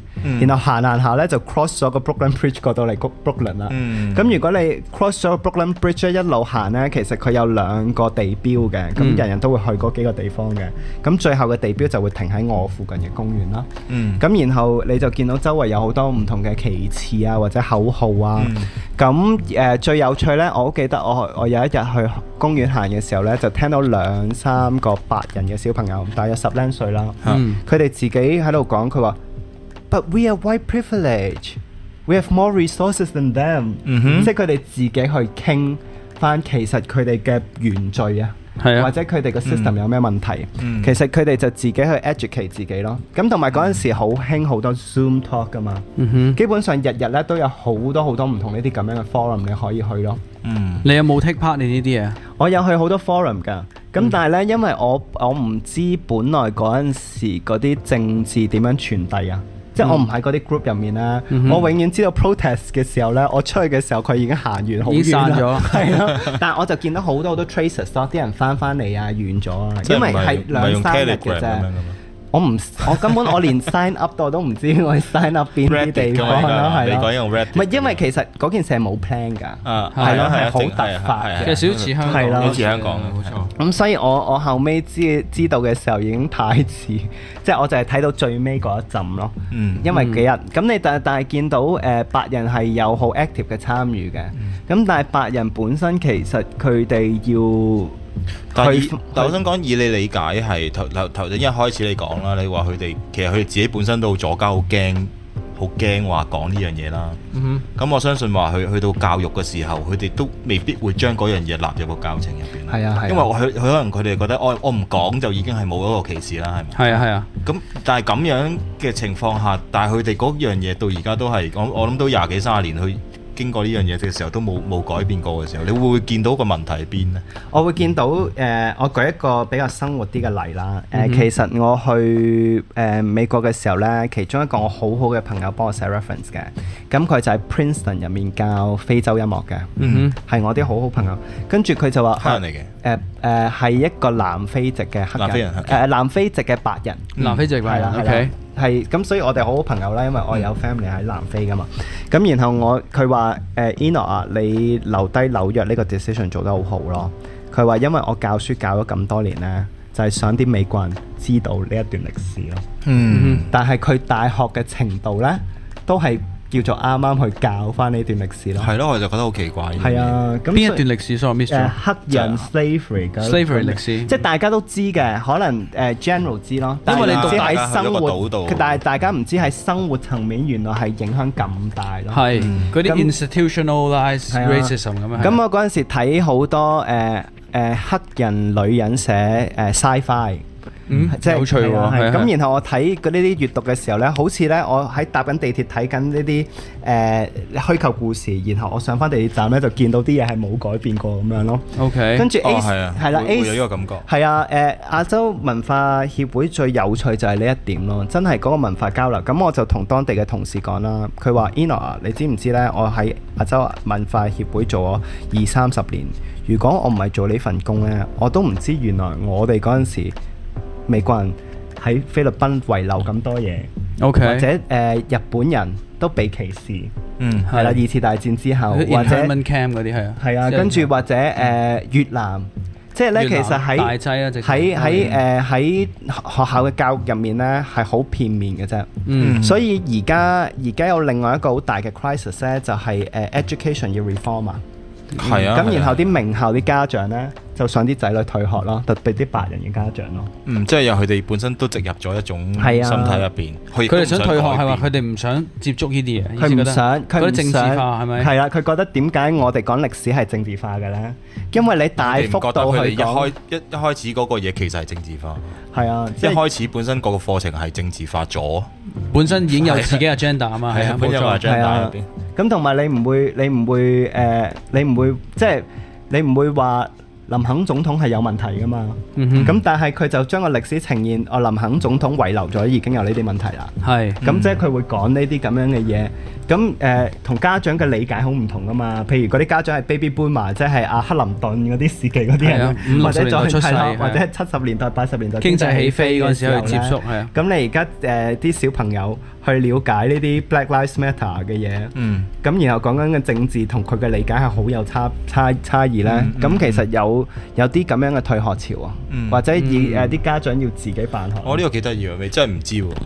然後行行下咧，就 cross 咗個 Brooklyn Bridge 過到嚟谷 Brooklyn 啦。咁如果你 cross 咗個 Brooklyn Bridge 一路行咧，其實佢有兩個地標嘅，咁人人都會去嗰幾個地方嘅。咁最後嘅地標就會停喺我附近嘅公園啦。咁然後你就見到周圍有好多唔同嘅旗幟啊，或者口號啊。咁誒最有趣咧，我記得我我有一日去公園行嘅時候咧，就聽到兩三個白人嘅小朋友，大約十零歲啦，佢哋自己喺度講，佢話。But we are white privilege. We have more resources than them。即係佢哋自己去傾翻，其實佢哋嘅原罪啊，或者佢哋個 system 有咩問題，其實佢哋就自己去 educate 自己咯。咁同埋嗰陣時好興好多 Zoom talk 㗎嘛。基本上日日咧都有好多好多唔同呢啲咁樣嘅 forum 你可以去咯。你有冇 take part 你呢啲嘢？我有去好多 forum 㗎。咁但係咧，因為我我唔知本來嗰陣時嗰啲政治點樣傳遞啊。即係我唔喺嗰啲 group 入面啦，嗯、哼我永遠知道 protest 嘅時候咧，我出去嘅時候佢已經行完好遠咗，係啦、 啊。但係我就見到好多好多 tracers，啲人翻翻嚟啊，遠咗啊，因為係兩三日嘅啫。我唔，我根本我連 sign up 都都唔知我 sign up 邊啲地方啦，係啦。你講用 Reddit，唔係，因為其實嗰件事係冇 plan 㗎，係咯，係好突發，其實少似香港，少似香港嘅冇錯。咁所以我我後尾知知道嘅時候已經太遲，即係我就係睇到最尾嗰一陣咯。嗯，因為幾日咁，你但係但係見到誒白人係有好 active 嘅參與嘅，咁但係白人本身其實佢哋要。但係， 但我想講，以你理解係頭頭頭一一開始你講啦，你話佢哋其實佢哋自己本身都好左膠，好驚，好驚話講呢樣嘢啦。咁我相信話佢去，去到教育嘅時候，佢哋都未必會將嗰樣嘢納入個教程入邊。啊啊、因為佢可能佢哋覺得，我唔講就已經係冇嗰個歧視啦，係咪？係啊係啊。咁、啊、但係咁樣嘅情況下，但係佢哋嗰樣嘢到而家都係，我我諗都廿幾卅年去。經過呢樣嘢嘅時候都冇冇改變過嘅時候，你會唔會見到個問題喺邊呢？我會見到誒、呃，我舉一個比較生活啲嘅例啦。誒、呃，其實我去誒、呃、美國嘅時候呢，其中一個我好好嘅朋友幫我寫 reference 嘅，咁佢就係 Princeton 入面教非洲音樂嘅，嗯哼，係我啲好好朋友。跟住佢就話黑人嚟嘅，誒誒係一個南非籍嘅黑人，南人，黑人、呃，南非籍嘅白人，嗯、南非籍白人係咁，所以我哋好好朋友啦，因為我有 family 喺南非噶嘛。咁然後我佢話：誒，Enoch、eh, e、啊，你留低紐約呢個 decision 做得好好咯。佢話因為我教書教咗咁多年呢，就係想啲美國人知道呢一段歷史咯。嗯、mm，hmm. 但係佢大學嘅程度呢，都係。叫做啱啱去教翻呢段歷史咯，係咯，我就覺得好奇怪。係啊，邊一段歷史？sorry，missed。誒黑人 slavery 嘅 slavery 歷史，即係大家都知嘅，可能誒 general 知咯，因為你大家喺一個島度，但係大家唔知喺生活層面原來係影響咁大咯。係嗰啲 institutionalized racism 咁樣。咁我嗰陣時睇好多誒誒黑人女人寫誒 sci-fi。嗯、即係是有趣咁，然後我睇呢啲啲閱讀嘅時候呢，好似呢我喺搭緊地鐵睇緊呢啲誒虛構故事，然後我上翻地鐵站呢，就見到啲嘢係冇改變過咁樣咯。OK，跟住哦係啊，係啦、啊、，A ce, 有依個感覺係啊。誒、呃、亞洲文化協會最有趣就係呢一點咯，真係嗰個文化交流。咁我就同當地嘅同事講啦，佢話：Enoch，啊你知唔知呢？我喺亞洲文化協會做咗二三十年，如果我唔係做呢份工呢，我都唔知原來我哋嗰陣時。 美國人喺菲律賓遺留咁多嘢，Okay，或者誒日本人都被歧視，嗯係啦。二次大戰之後，或者 mon camp 嗰啲係啊，係啊，跟住或者誒越南，即係咧其實喺喺喺誒喺學校嘅教育入面咧係好片面嘅啫，嗯。所以而家而家有另外一個好大嘅 crisis 咧，就係誒 education 要 reform 啊，係啊。咁然後啲名校啲家長咧。就上啲仔女退學咯，特別啲白人嘅家長咯。嗯，即係由佢哋本身都植入咗一種心態入邊，佢哋想退學係話佢哋唔想接觸呢啲嘢，佢唔想佢覺得政治化係咪？係啦，佢覺得點解我哋講歷史係政治化嘅咧？因為你大幅度去講一一開始嗰個嘢其實係政治化，係啊，一開始本身嗰個課程係政治化咗，本身已經有自己嘅 gender 啊嘛，冇錯，係啊，咁同埋你唔會你唔會誒你唔會即係你唔會話。林肯總統係有問題噶嘛？咁、嗯、哼但係佢就將個歷史呈現，哦林肯總統遺留咗已經有呢啲問題啦。係，咁、嗯、即係佢會講呢啲咁樣嘅嘢。咁誒同家長嘅理解好唔同噶嘛？譬如嗰啲家長係 Baby Boomer 啊，即係阿克林頓嗰啲時期嗰啲人，或者再出世，或者七十年代、八十年、啊、年，年代經濟起飛嗰陣時、啊啊、時去接觸，係咁、啊、你而家誒啲小朋友？呃去了解呢啲 Black Lives Matter 嘅嘢，咁、嗯、然後講緊嘅政治同佢嘅理解係好有差差差異咧。咁、嗯嗯、其實有有啲咁樣嘅退學潮啊，嗯、或者以誒啲、嗯、家長要自己辦學、啊。我呢、哦這個幾得意啊，你真係唔知喎、啊。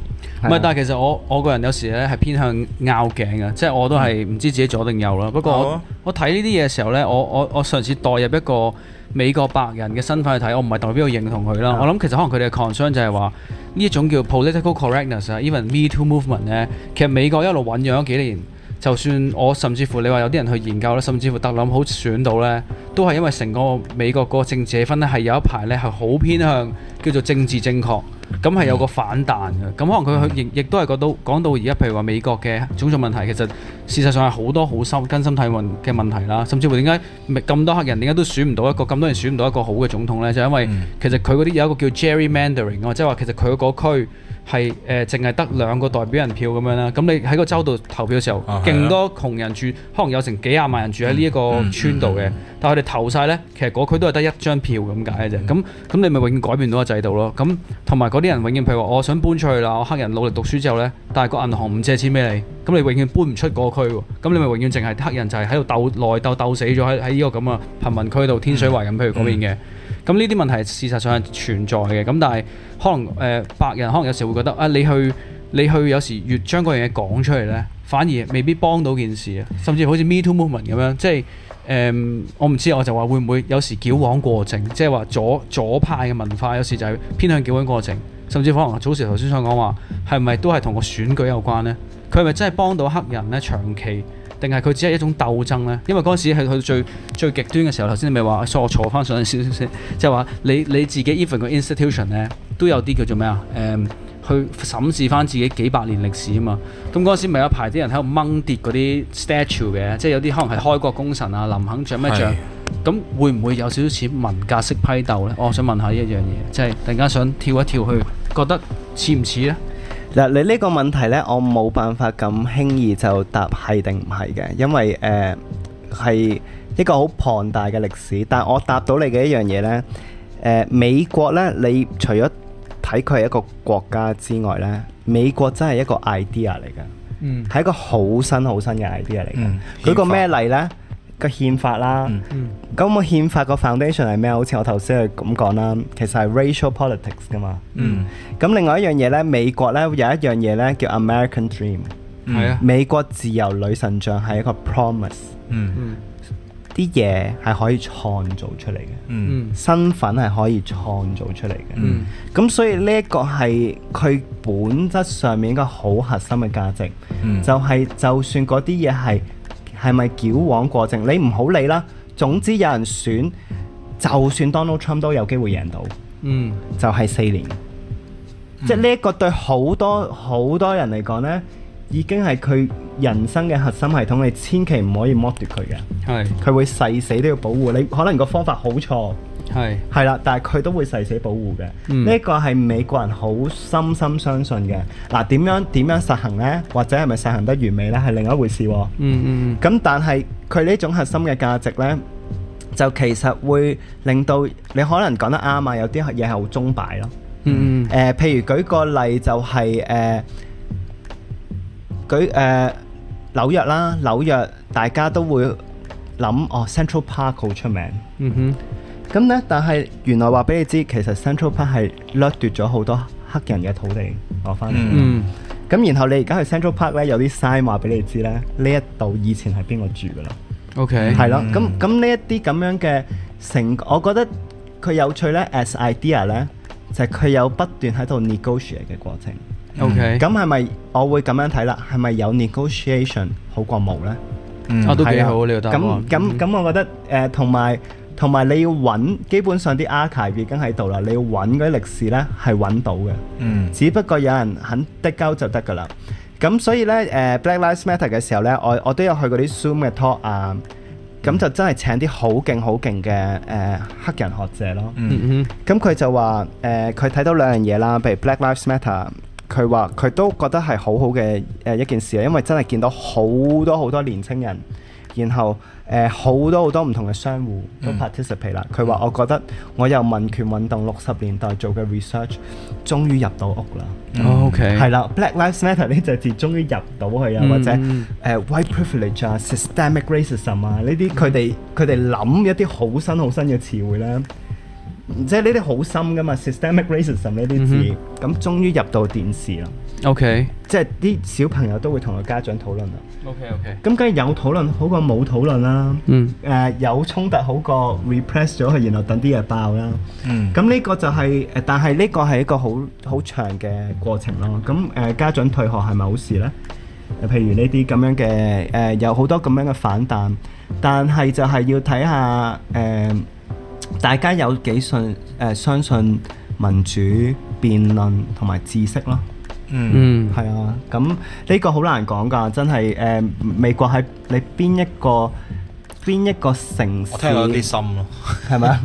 唔係，但係其實我我個人有時咧係偏向拗頸嘅，即係我都係唔知自己左定右啦。不過我睇呢啲嘢嘅時候咧，我我我上次代入一個美國白人嘅身份去睇，我唔係代表邊個認同佢啦。Oh. 我諗其實可能佢哋嘅 concern 就係話呢一種叫 political correctness 啊，even me too movement 咧，其實美國一路醖釀咗幾年，就算我甚至乎你話有啲人去研究咧，甚至乎特林好想到特朗普選到咧，都係因為成個美國個政治氣氛咧係有一排咧係好偏向叫做政治正確。咁係有個反彈嘅，咁可能佢亦亦都係覺到講到而家，譬如話美國嘅種族問題，其實事實上係好多好深根深蒂固嘅問題啦，甚至乎點解咁多黑人點解都選唔到一個咁多人選唔到一個好嘅總統咧？就是，因為其實佢嗰啲有一個叫 gerrymandering 啊，即係話其實佢嗰個區，係誒，淨係得兩個代表人票咁樣啦。咁你喺個州度投票嘅時候，啊、勁多窮人住，可能有成幾廿萬人住喺呢一個村度嘅。嗯嗯嗯、但係佢哋投晒呢，其實嗰區都係得一張票咁解嘅啫。咁咁、嗯、你咪永遠改變到個制度咯。咁同埋嗰啲人永遠譬如話，我想搬出去啦。我黑人努力讀書之後呢，但係個銀行唔借錢俾你，咁你永遠搬唔出嗰個區喎。咁你咪永遠淨係黑人就係喺度鬥內鬥鬥，鬥死咗喺喺呢個咁啊貧民區度天水圍咁，譬如嗰邊嘅。嗯嗯咁呢啲問題事實上係存在嘅，咁、嗯、但係可能誒、呃、白人可能有時會覺得啊，你去你去有時越將嗰樣嘢講出嚟呢，反而未必幫到件事啊，甚至好似 Me Too Movement 咁樣，即係誒、嗯、我唔知我就話會唔會有時矯枉過正，即係話左左派嘅文化有時就係偏向矯枉過正，甚至可能早時頭先想講話係咪都係同個選舉有關呢？佢係咪真係幫到黑人呢？長期？定係佢只係一種鬥爭呢？因為嗰陣時係去最最極端嘅時候。頭先你咪話，所以我坐翻上少少先，即係話你你自己 even 個 institution 呢都有啲叫做咩啊、嗯？去審視翻自己幾百年歷史啊嘛。咁嗰陣時咪有排啲人喺度掹跌嗰啲 statue 嘅，即係有啲可能係開國功臣啊、林肯著咩仗。咁是會唔會有少少似文革式批鬥呢？是我想問下呢一樣嘢，即、就、係、是、突然間想跳一跳去，覺得似唔似呢？嗱，你呢個問題呢，我冇辦法咁輕易就答係定唔係嘅，因為誒係、呃、一個好龐大嘅歷史。但我答到你嘅一樣嘢呢，誒、呃、美國呢，你除咗睇佢係一個國家之外呢，美國真係一個 idea 嚟嘅，係、嗯、一個好新好新嘅 idea 嚟嘅。舉、嗯、個咩例呢？個憲法啦，咁個、嗯嗯、憲法個 foundation 係咩？好似我頭先係咁講啦，其實係 racial politics 噶嘛。咁、嗯、另外一樣嘢咧，美國咧有一樣嘢咧叫 American dream。嗯、美國自由女神像係一個 promise、嗯。啲嘢係可以創造出嚟嘅，嗯、身份係可以創造出嚟嘅。咁、嗯、所以呢一個係佢本質上面一個好核心嘅價值，嗯、就係就算嗰啲嘢係。係咪矯枉過正？你唔好理啦。總之有人選，就算 Donald Trump 都有機會贏到。嗯，就係四年。嗯、即係呢一個對好多好多人嚟講呢，已經係佢人生嘅核心系統，你千祈唔可以剝奪佢嘅。係是，佢會誓死都要保護。你可能個方法好錯。係係啦，但係佢都會誓死保護嘅。呢個係美國人好深深相信嘅。嗱，點樣點樣實行咧？或者係咪實行得完美咧？係另一回事。嗯嗯。咁但係佢呢種核心嘅價值咧，就其實會令到你可能講得啱啊，有啲嘢係好鐘擺咯。嗯嗯。誒，譬如舉個例就係誒舉誒紐約啦，紐約大家都會諗哦，Central Park 好出名。嗯哼。咁咧，但係原來話俾你知，其實 Central Park 係掠奪咗好多黑人嘅土地攞翻嚟。嗯，咁然後你而家去 Central Park 咧，有啲 sign 話俾你知咧，呢一度以前係邊個住噶啦？OK，係咯的。咁咁呢一啲咁樣嘅成，我覺得佢有趣咧。As idea 咧，就係、是、佢有不斷喺度 negotiate 嘅過程。OK，咁係咪我會咁樣睇啦？係咪有 negotiation 好過冇咧？嗯，都幾好，你嘅答案。咁咁咁，我覺得誒同埋。同埋你要揾，基本上啲 archive 已經喺度啦，你要揾嗰啲歷史咧係揾到嘅。嗯、mm。Hmm. 只不過有人肯的交就得噶啦。咁所以咧，誒、呃、Black Lives Matter 嘅時候咧，我我都有去嗰啲 Zoom 嘅 talk 啊，咁就真係請啲好勁好勁嘅誒黑人學者咯。嗯嗯、mm。咁、hmm. 佢就話誒，佢、呃、睇到兩樣嘢啦，譬如 Black Lives Matter，佢話佢都覺得係好好嘅誒一件事啊，因為真係見到好多好多好多年青人，然後。誒好、呃、多好多唔同嘅商戶都 participate 啦。佢話、嗯：我覺得我由民權運動六十年代做嘅 research，終於入到屋啦。OK，係啦，Black Lives Matter 呢隻字終於入到去、嗯呃、啊，或者 White Privilege 啊、Systemic Racism 啊呢啲，佢哋佢哋諗一啲好新好新嘅詞彙咧。即係呢啲好深㗎嘛，systemic racism 呢啲字，咁終於入到電視啦。OK，即係啲小朋友都會同個家長討論啦。OK，OK。咁梗係有討論好過冇討論啦。嗯。誒，有衝突好過 repress 咗佢，然後等啲嘢爆啦。嗯。咁呢個就係誒，但係呢個係一個好好長嘅過程咯。咁誒，家長退學係咪好事咧？誒，譬如呢啲咁樣嘅誒，有好多咁樣嘅反彈，但係就係要睇下誒。大家有幾信誒、呃？相信民主辯論同埋知識咯。嗯，係啊。咁呢個好難講㗎。真係誒、呃，美國喺你邊一個邊一個城市？我聽到有啲心咯，係咪啊？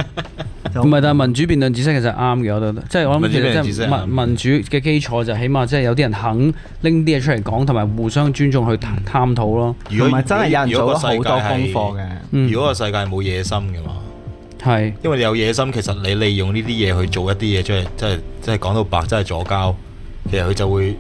唔係，但係民主辯論知識其實啱嘅，我都即係我諗住民主嘅基礎就起碼即係有啲人肯拎啲嘢出嚟講，同埋互相尊重去探討咯果。如果真係有人做咗好多功課嘅，如果個世界冇野心嘅話。嗯。係，因為你有野心，其實你利用呢啲嘢去做一啲嘢出嚟，即係即係講到白，即係左膠，其實佢就會。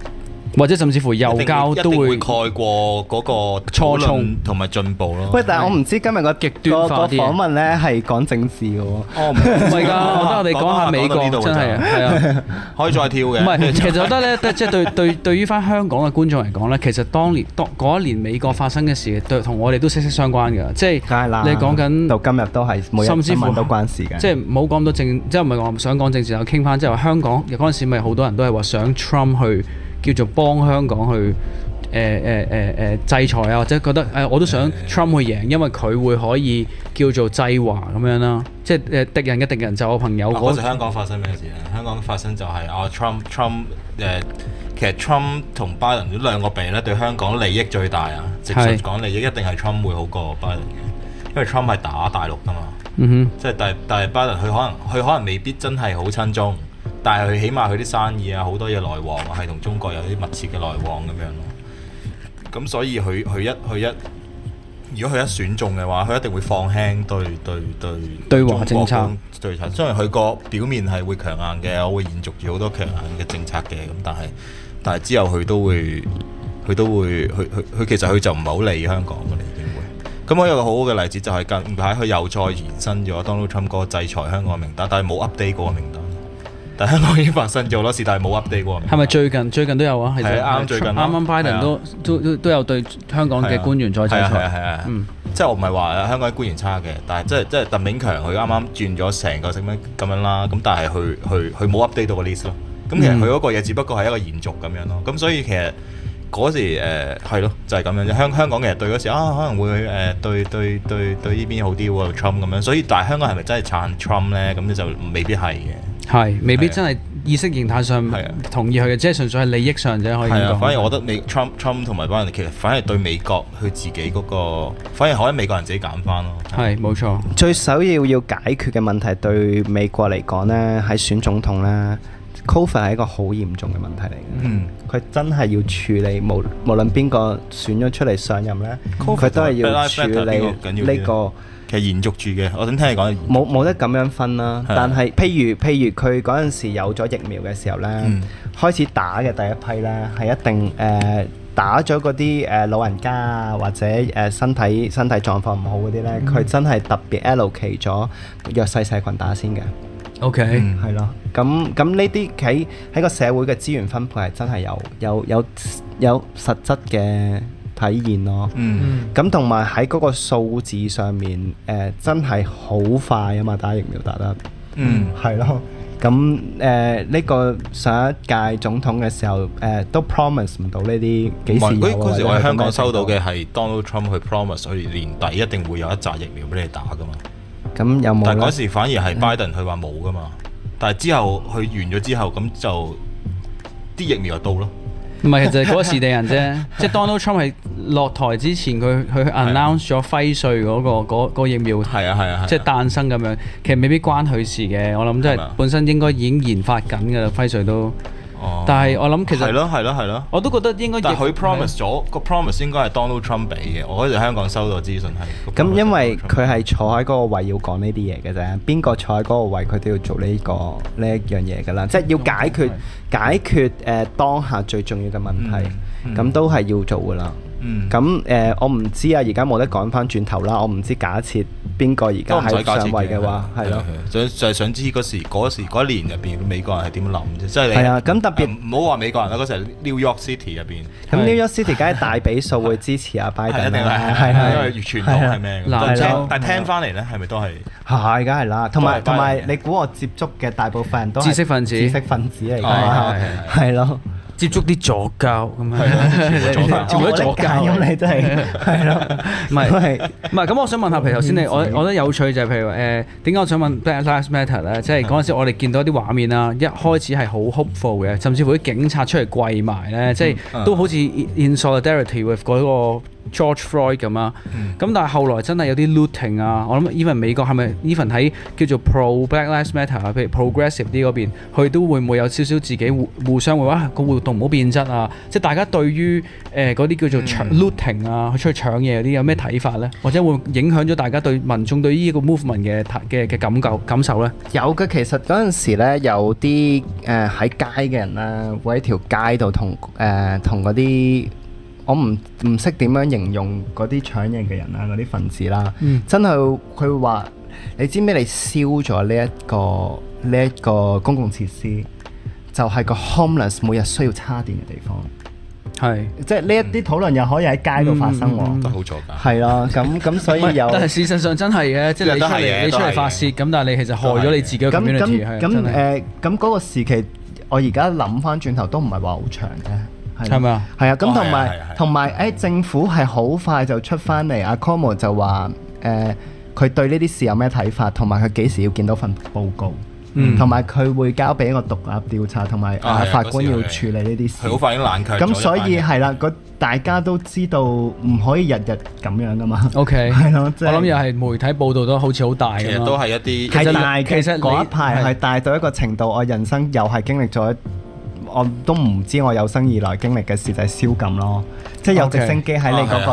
或者甚至乎右交都會蓋過嗰個初衷同埋進步咯。喂，但係我唔知今日個極端化啲個訪問咧係講政治嘅喎。哦，唔係㗎，我覺得我哋講下美國真係係啊，可以再跳嘅。唔係，其實我覺得咧，即係對對對於翻香港嘅觀眾嚟講咧，其實當年當嗰一年美國發生嘅事，對同我哋都息息相關嘅。即係你講緊到今日都係每一個都關事嘅。即係唔好講咁多政，即係唔係話想講政治，我傾翻即係話香港嗰陣時，咪好多人都係話想 Trump 去。叫做幫香港去誒誒誒誒制裁啊，或者覺得誒、呃、我都想 Trump 會贏，因為佢會可以叫做制華咁樣啦，即係誒敵人嘅敵人就我朋友。嗰、啊、時香港發生咩事啊？香港發生就係、是、啊 Trump Trump 誒，其實 Trump 同拜登兩個比咧對香港利益最大啊！直接講利益一定係 Trump 會好過拜登嘅，因為 Trump 係打大陸噶嘛。嗯、哼，即係但係但係拜登佢可能佢可能未必真係好親中。但係佢起碼佢啲生意啊，好多嘢來往啊係同中國有啲密切嘅來往咁樣咯。咁所以佢佢一佢一如果佢一選中嘅話，佢一定會放輕對對對對華政策對華政策。雖然佢個表面係會強硬嘅，我會延續住好多強硬嘅政策嘅。咁但係但係之後佢都會佢都會佢佢佢其實佢就唔係好理香港嘅，已經會咁。我有個好好嘅例子就係近排佢又再延伸咗 Donald Trump 個制裁香港嘅名單，但係冇 update 個名單。但香港已經發生咗咯，事但係冇 update 喎。係咪最近最近都有啊？係啱對 Tr up 最近，啱啱拜登都 yeah. 都都有對香港嘅官員再制裁。係啊係啊，即 係 asına 我唔係話香港官員差嘅，嗯、但係即係即係鄧炳強佢啱啱轉咗成個咁樣咁樣啦。咁但係佢佢冇 update 到個 list 咯、嗯。咁其實佢嗰個嘢只不過係一個延續咁樣咯。咁所以其實嗰時誒係咯，就係咁樣。香香港其實對嗰時啊，可能會誒對對對對呢邊好啲喎，Trump 咁樣。所以但係香港係咪真係撐 Trump 咧？咁就未必係嘅。係，未必真係意識形態上、啊、同意佢嘅，即係純粹係利益上啫、啊、可以講。反而我覺得美 Trump Trump 同埋班人其實反而對美國佢自己嗰、嗰個，反而可以美國人自己揀翻咯。係，冇錯。嗯、最首要要解決嘅問題對美國嚟講咧，喺選總統咧 Covid 係一個好嚴重嘅問題嚟嘅。嗯，佢真係要處理，無無論邊個選咗出嚟上任咧，佢都係要處理呢 life、這個。其實延續住嘅，我想聽你講。冇冇得咁樣分啦，但係譬如譬如佢嗰陣時有咗疫苗嘅時候咧，開始打嘅第一批咧，係一定誒打咗嗰啲誒老人家啊，或者誒身體身體狀況唔好嗰啲咧，佢真係特別 allocate 咗弱勢社群打先嘅。OK，係咯，咁咁呢啲喺喺個社會嘅資源分配係真係有有有有實質嘅。體驗咯，咁同埋喺嗰個數字上面，誒、呃、真係好快啊嘛！打疫苗打得，嗯，係咯。咁誒呢個上一屆總統嘅時候，誒、呃、都 promise 唔到呢啲幾時有啊？嗰時我喺香港收到嘅係 Donald Trump 去 promise，佢年底一定會有一紮疫苗俾你打噶嘛。咁有冇？但係嗰時反而係 Biden 佢話冇噶嘛。但係之後佢完咗之後，咁就啲疫苗就到咯。唔係， 其實係嗰時地人啫。 即係 Donald Trump 係落台之前，佢佢 announce 咗輝瑞嗰、嗰個嗰嗰、 嗰個嗰個、疫苗係啊係啊，即係 誕生咁樣，其實未必關佢事嘅。我諗即係本身應該已經研發緊嘅啦，輝瑞都。但係我諗其實係咯係咯係咯，我都覺得應該但。但係佢 promise 咗個 promise 應該係 Donald Trump 俾嘅，我喺度香港收到資訊係。咁、嗯、因為佢係坐喺嗰個位要講呢啲嘢嘅啫，邊個坐喺嗰個位佢都要做呢、呢個呢一樣嘢㗎啦，即係要解決、嗯、解決誒當下最重要嘅問題，咁、嗯、都係要做㗎啦。嗯，咁誒，我唔知啊，而家冇得講翻轉頭啦，我唔知假設邊個而家喺上位嘅話，係咯，就就係想知嗰時嗰年入邊美國人係點諗啫，即係係啊，咁特別唔好話美國人啦，嗰時 New York City 入邊，New York City 梗係大比數會支持阿拜登，一定係係係，因為傳統係咩？但聽聽翻嚟咧，係咪都係係，梗係啦，同埋同埋你估我接觸嘅大部分都知識分子，知識分子嚟㗎，係咯。接觸啲左膠，咁 樣，接觸啲左膠，咁，你真係係咯，唔係唔係咁，我想問下，譬如頭先你，我我覺得有趣就係譬如誒，點、呃、解我想問 Black Lives Matter 咧？ 即係嗰陣時我哋見到啲畫面啦，一開始係好 hopeful 嘅，甚至乎啲警察出嚟跪埋咧，即係 都好似 in solidarity with 嗰、那個。George Floyd 咁啊，咁、嗯、但係後來真係有啲 looting 啊，我諗 even 美國係咪 even 喺叫做 pro Black Lives Matter 啊，譬如 progressive 啲嗰邊，佢都會唔會有少少自己互互相會話啊個活動唔好變質啊，即係大家對於誒嗰啲叫做搶 looting 啊，去、嗯、出去搶嘢嗰啲有咩睇法咧？或者會影響咗大家對民眾對呢個 movement 嘅嘅嘅感覺感受咧？受呢，有嘅，其實嗰陣時咧有啲誒喺街嘅人啦，會喺條街度同誒同嗰啲。呃我唔唔識點樣形容嗰啲搶人嘅人啊，嗰啲分子啦，真係佢會話你知唔知？你燒咗呢一個呢一個公共設施，就係個 homeless 每日需要叉電嘅地方。係，即係呢一啲討論又可以喺街度發生喎，都好在㗎。係咯，咁咁所以有，但係事實上真係嘅，即係你出嚟你出嚟發洩咁，但係你其實害咗你自己咁咁誒，咁嗰個時期，我而家諗翻轉頭都唔係話好長嘅。係咪？係啊，咁同埋同埋誒政府係好快就出翻嚟。阿科莫就話誒，佢對呢啲事有咩睇法？同埋佢幾時要見到份報告？嗯，同埋佢會交俾一個獨立調查，同埋啊法官要處理呢啲事。佢好快已經冷卻。咁所以係啦，個大家都知道唔可以日日咁樣噶嘛。OK，係咯，即係我諗又係媒體報導都好似好大。其實都係一啲，其實其實嗰一排係大到一個程度，我人生又係經歷咗。我都唔知我有生以來經歷嘅事就係宵禁咯，即係有直升機喺你嗰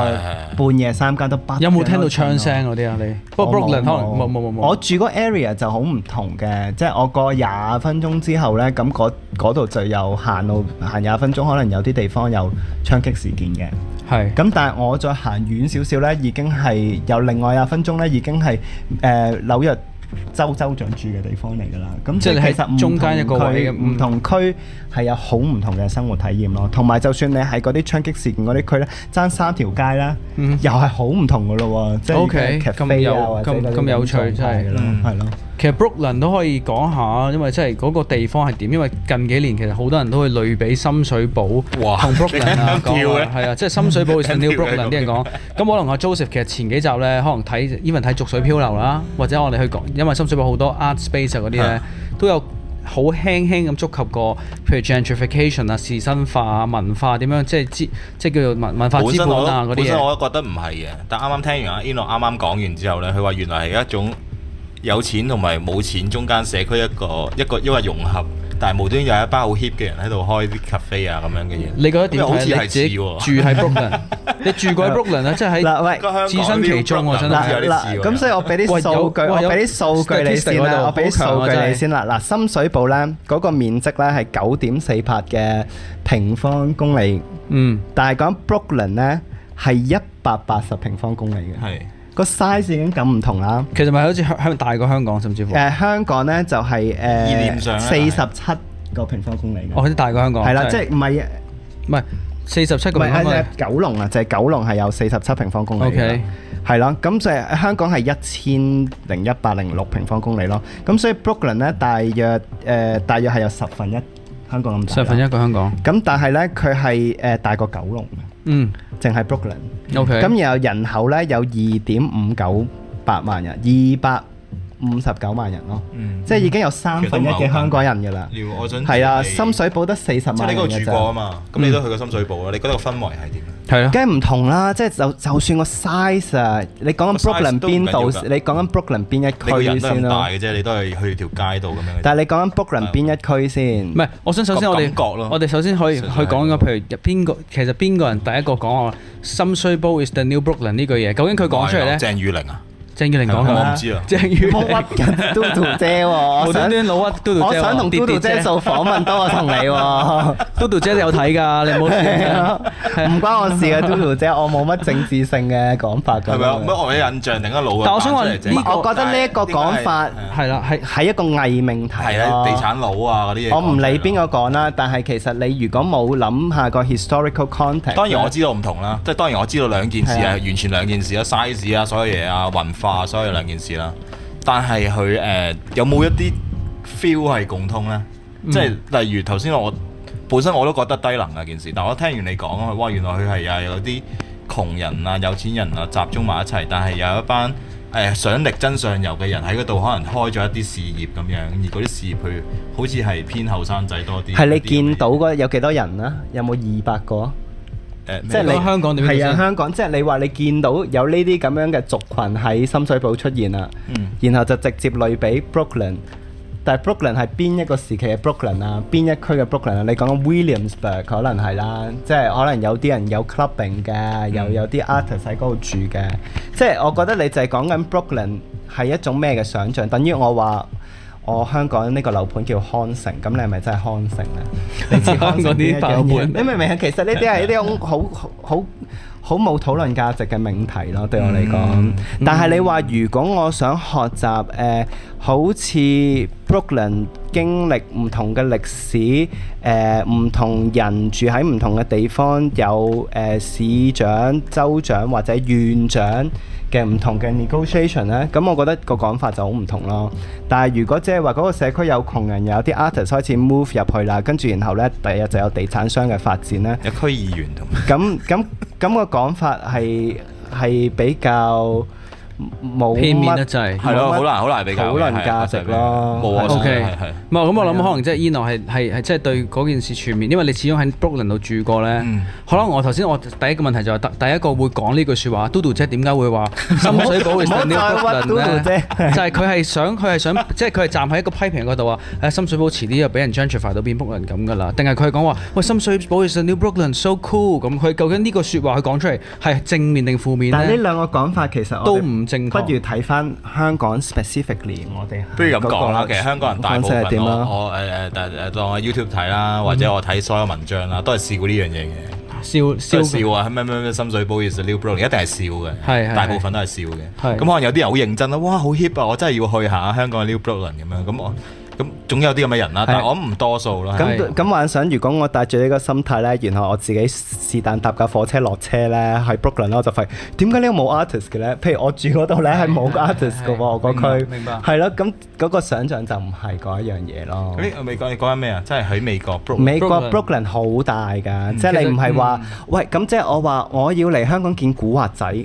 個半夜三更都不斷。有冇聽到槍聲嗰啲啊？你不，Brooklyn 可能冇冇冇冇。我住個 area 就好唔同嘅，即係我過廿分鐘之後呢，咁嗰度就有行路行廿分鐘，可能有啲地方有槍擊事件嘅。係是。咁但係我再行遠少少呢，已經係有另外廿分鐘呢，已經係誒紐約。呃州州長住嘅地方嚟噶啦，咁即係其實唔同區，唔同區係有好唔同嘅生活體驗咯，同埋、嗯、就算你喺嗰啲槍擊事件嗰啲區咧，爭三條街啦，嗯、又係好唔同噶咯喎，okay, 即係喺咖啡啊或者咁有趣真係咯，係咯。就是嗯其實 Brooklyn 都可以講下，因為即係嗰個地方係點？因為近幾年其實好多人都會類比深水埗同 Brooklyn 啊，啊，即係深水埗會成 New Brooklyn 啲人講說。咁、嗯、可能阿 Joseph 其實前幾集咧，可能睇 Even 睇逐水漂流啦，或者我哋去講，因為深水埗好多 Art Space 嗰啲咧，嗯、都有好輕輕咁觸及過，譬如 gentrification 啊、士紳化啊、文化點樣，即係即係叫做文文化資本啊嗰啲嘢。本身我都覺得唔係嘅，但啱啱聽完阿 Enoch 啱啱講完之後咧，佢話原來係一種。有錢同埋冇錢中間社區，一個一個因為融合，但係無端有一班好 hip 嘅人喺度開啲 cafe 啊咁樣嘅嘢。你覺得點咧？好似係住喺 Brooklyn，你住過喺 Brooklyn 啦，即係喺自身其中啊，真係。嗱喂，置身其中啊，真係。嗱嗱，咁所以我俾啲數據，我俾啲數據你先啦，我俾數據你先啦。嗱，深水埗咧，嗰個面積咧係九點四八嘅平方公里。嗯。但係講 Brooklyn 咧係一百八十平方公里嘅。係。個 size 已經咁唔同啦，其實咪好似香港大過香港甚至乎？誒香港咧就係誒，二年上四十七個平方公里。哦，好似大過香港。係啦，即係唔係唔係四十七個？唔係誒，九龍啊，就係九龍係有四十七平方公里。OK，係啦，咁就係香港係一千零一百零六平方公里咯。咁所以 Brooklyn 咧大約誒大約係有十分一香港咁大。十分一個香港。咁但係咧，佢係誒大過九龍。嗯，淨係 Brooklyn，OK、ok、Okay .咁然後人口呢有二點五九八萬人，二百五十九萬人咯，即係已經有三分一嘅香港人㗎啦。係啊，深水埗得四十萬。即係你嗰度住過啊嘛？咁你都去過深水埗啊？你覺得個氛圍係點？係咯，梗係唔同啦。即係就就算個 size 啊，你講緊 Brooklyn 邊度？你講緊 Brooklyn 邊一區先大嘅啫，你都係去條街度咁樣。但係你講緊 Brooklyn 邊一區先？唔係，我想首先我哋我哋首先可以去講一個，譬如入邊個，其實邊個人第一個講我深水埗 is the new Brooklyn 呢句嘢，究竟佢講出嚟咧？鄭裕玲啊！鄭裕玲講嘅，我唔知啊。鄭裕玲屈人嘟嘟姐，無端端老屈嘟嘟姐。我想同嘟嘟姐做訪問，都係同你。嘟嘟姐有睇㗎，你唔好聽。唔關我事啊，嘟嘟姐，我冇乜政治性嘅講法。係咪啊？乜我有印象定係老啊？但係我想問，我覺得呢一個講法係啦，係係一個偽命題。係啊，地產佬啊嗰啲嘢。我唔理邊個講啦，但係其實你如果冇諗下個 historical context，當然我知道唔同啦，即係當然我知道兩件事係完全兩件事啦，size 啊，所有嘢啊，運。話所有兩件事啦，但係佢誒有冇一啲 feel 係共通呢？嗯、即係例如頭先我本身我都覺得低能啊件事，但係我聽完你講，哇原來佢係又有啲窮人啊、有錢人啊集中埋一齊，但係有一班誒、呃、想力爭上游嘅人喺嗰度，可能開咗一啲事業咁樣，而嗰啲事業佢好似係偏後生仔多啲。係你見到有幾多人啊？有冇二百個？即係你香港點係啊，香港即係你話你見到有呢啲咁樣嘅族群喺深水埗出現啦，嗯、然後就直接類比 Brooklyn，但係 Brooklyn 係邊一個時期嘅 Brooklyn 啊？邊一區嘅 Brooklyn 啊？你講緊 Williamsburg 可能係啦，嗯、即係可能有啲人有 clubbing 嘅，嗯、又有啲 artist 喺嗰度住嘅，嗯嗯、即係我覺得你就係講緊 Brooklyn 係一種咩嘅想像？等於我話。我香港呢個樓盤叫康城，咁你係咪真係康城咧？ 你指 香港啲樓盤？你明唔明啊？ 其實呢啲係一啲好、好、好、好冇討論價值嘅命題咯，對我嚟講。嗯、但係你話如果我想學習，誒、呃，好似 Brooklyn。經歷唔同嘅歷史，誒，唔同人住喺唔同嘅地方，有誒，市長、州長或者縣長嘅唔同嘅 negotiation 咧，咁我覺得個講法就好唔同咯。但係如果即係話嗰個社區有窮人，有啲 artist 開始 move 入去啦，跟住然後咧，第日就有地產商嘅發展咧，有區議員同，咁咁咁個講法係係比較。冇片面得滯，係咯，好難好難比較，好難價值咯。冇啊，OK 係，冇咁我諗可能即係 Enoch 係係係即係對嗰件事全面，因為你始終喺 Brooklyn 度住過咧。可能我頭先我第一個問題就係第第一個會講呢句説話，Doodle 姐點解會話深水埗會成 New Brooklyn 咧？就係佢係想佢係想即係佢係站喺一個批評嗰度話，誒深水埗遲啲又俾人 gentrify 到變 Brooklyn 咁㗎喇？定係佢講話喂深水埗成 New Brooklyn so cool 咁？佢究竟呢個説話佢講出嚟係正面定負面咧？但係呢兩個講法其實都唔。不如睇翻香港 specifically，我哋不如噉講啦，其實香港人大部分點啊？我誒誒，當喺 YouTube 睇啦，或者我睇所有文章啦，都係笑過呢樣嘢嘅。笑笑啊，咩咩咩，深水埗 is new Brooklyn，一定係笑嘅，大部分都係笑嘅。咁可能有啲人好認真啦，哇，好 hip 啊，我真係要去下香港 new Brooklyn 咁樣，咁我。咁總有啲咁嘅人啦，但係我唔多數啦。咁咁幻想，如果我帶住呢個心態咧，然後我自己是但搭架火車落車咧，喺 Brooklyn 我就費，點解呢個冇 artist 嘅咧？譬如我住嗰度咧係冇 artist 嘅喎，個 區。明白。係咯，咁嗰、嗯、個想像就唔係嗰一樣嘢咯。美國你講緊咩啊？即係喺美國 Brooklyn。 美國 Brooklyn 好大㗎，即係你唔係話喂咁，即係、嗯、我話我要嚟香港見古惑仔。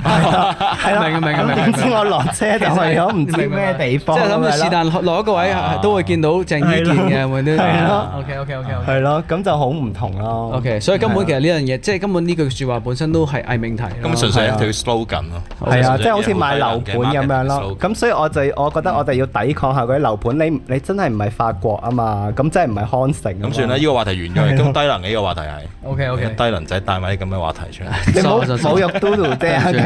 係啊，係咯，咁點知我落車就去咗唔知咩地方？即係諗住是但攞攞一個位，都會見到鄭伊健嘅，或者啲咩咯？OK OK OK OK，係咯，咁就好唔同咯。OK，所以根本其實呢樣嘢，即係根本呢句説話本身都係偽命題。根本純粹係一條 slogan 咯。係啊，即係好似賣樓盤咁樣咯。咁所以我就我覺得我哋要抵抗下嗰啲樓盤。你你真係唔係法國啊嘛？咁真係唔係康城。咁算啦，呢個話題完咗。咁低能嘅呢個話題係。OK OK OK OK，低能仔帶埋啲咁嘅話題出嚟。你冇冇入到度啲？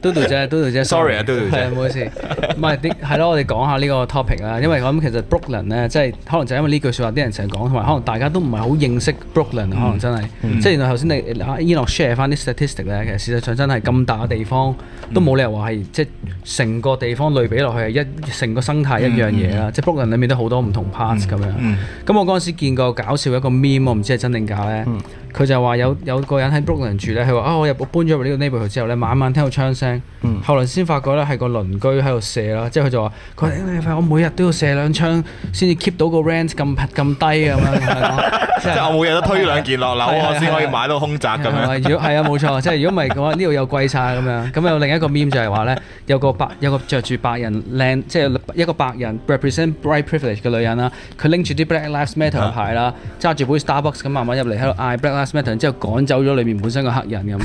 嘟嘟姐，嘟嘟姐，sorry 啊，嘟嘟姐，唔好意思，唔係，係咯， 我哋講下呢個 topic 啦。因為我諗其實 Brooklyn 咧，即係可能就因為呢句說話，啲人成日講，同埋可能大家都唔係好認識 Brooklyn，可能真係，mm hmm. 即係原來頭先你啊 Enoch share 翻啲 statistic 咧，其實事實上真係咁大嘅地方都冇理由話係，即係成個地方類比落去係一成個生態一樣嘢啦。Mm hmm. 即係 Brooklyn 裏面都好多唔同 parts 咁、mm hmm. 樣，咁、mm hmm. 我陣時見過搞笑一個 meme 我唔知係真定假咧，佢、mm hmm. 就話有有個人喺 Brooklyn 住咧，佢話，啊我搬入搬咗入呢個 neighborhood 之後咧，晚晚聽到槍聲。嗯，後來先發覺咧係個鄰居喺度射啦，即係佢就話：佢我每日都要射兩槍，先至 keep 到個 rent 咁咁低咁樣，即係我每日都推兩件落樓，我先可以買到空宅咁樣。如果係啊，冇錯，即係如果唔係嘅話，呢度又貴晒。咁樣。咁有另一個 meme 就係話咧，有個白有個着住白人靚，即係一個白人 represent white privilege 嘅女人啦，佢拎住啲 Black Lives Matter 牌啦，揸住杯 Starbucks 咁慢慢入嚟喺度嗌 Black Lives Matter，之後趕走咗裡面本身個黑人咁，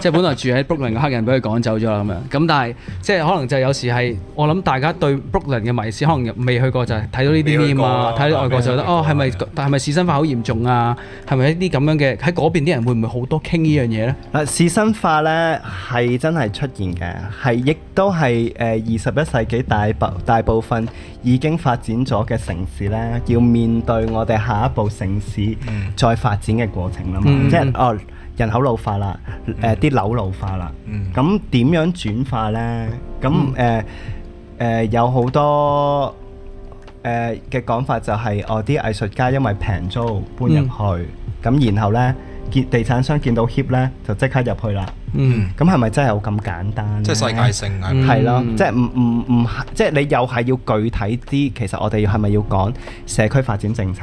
即係本來住喺 book 內嘅黑人俾佢趕走咗啦咁樣，咁但係即係可能就有時係，我諗大家對 Brooklyn 嘅迷思可能未去過就係睇到呢啲啲嘛，睇到外國就覺得哦係咪但係咪士紳化好嚴重啊？係咪一啲咁樣嘅喺嗰邊啲人會唔會好多傾、嗯、呢樣嘢咧？啊士紳化咧係真係出現嘅，係亦都係誒二十一世紀大部大部分已經發展咗嘅城市咧，要面對我哋下一步城市再發展嘅過程啦嘛、嗯，即係哦。人口老化啦，誒啲樓老化啦，咁點樣轉化咧？咁誒誒有好多誒嘅講法，就係我啲藝術家因為平租搬入去，咁然後咧，地產商見到 hip 咧就即刻入去啦。嗯，咁係咪真係有咁簡單？即係世界性係咪？係咯，即係唔唔唔，即係你又係要具體啲。其實我哋係咪要講社區發展政策？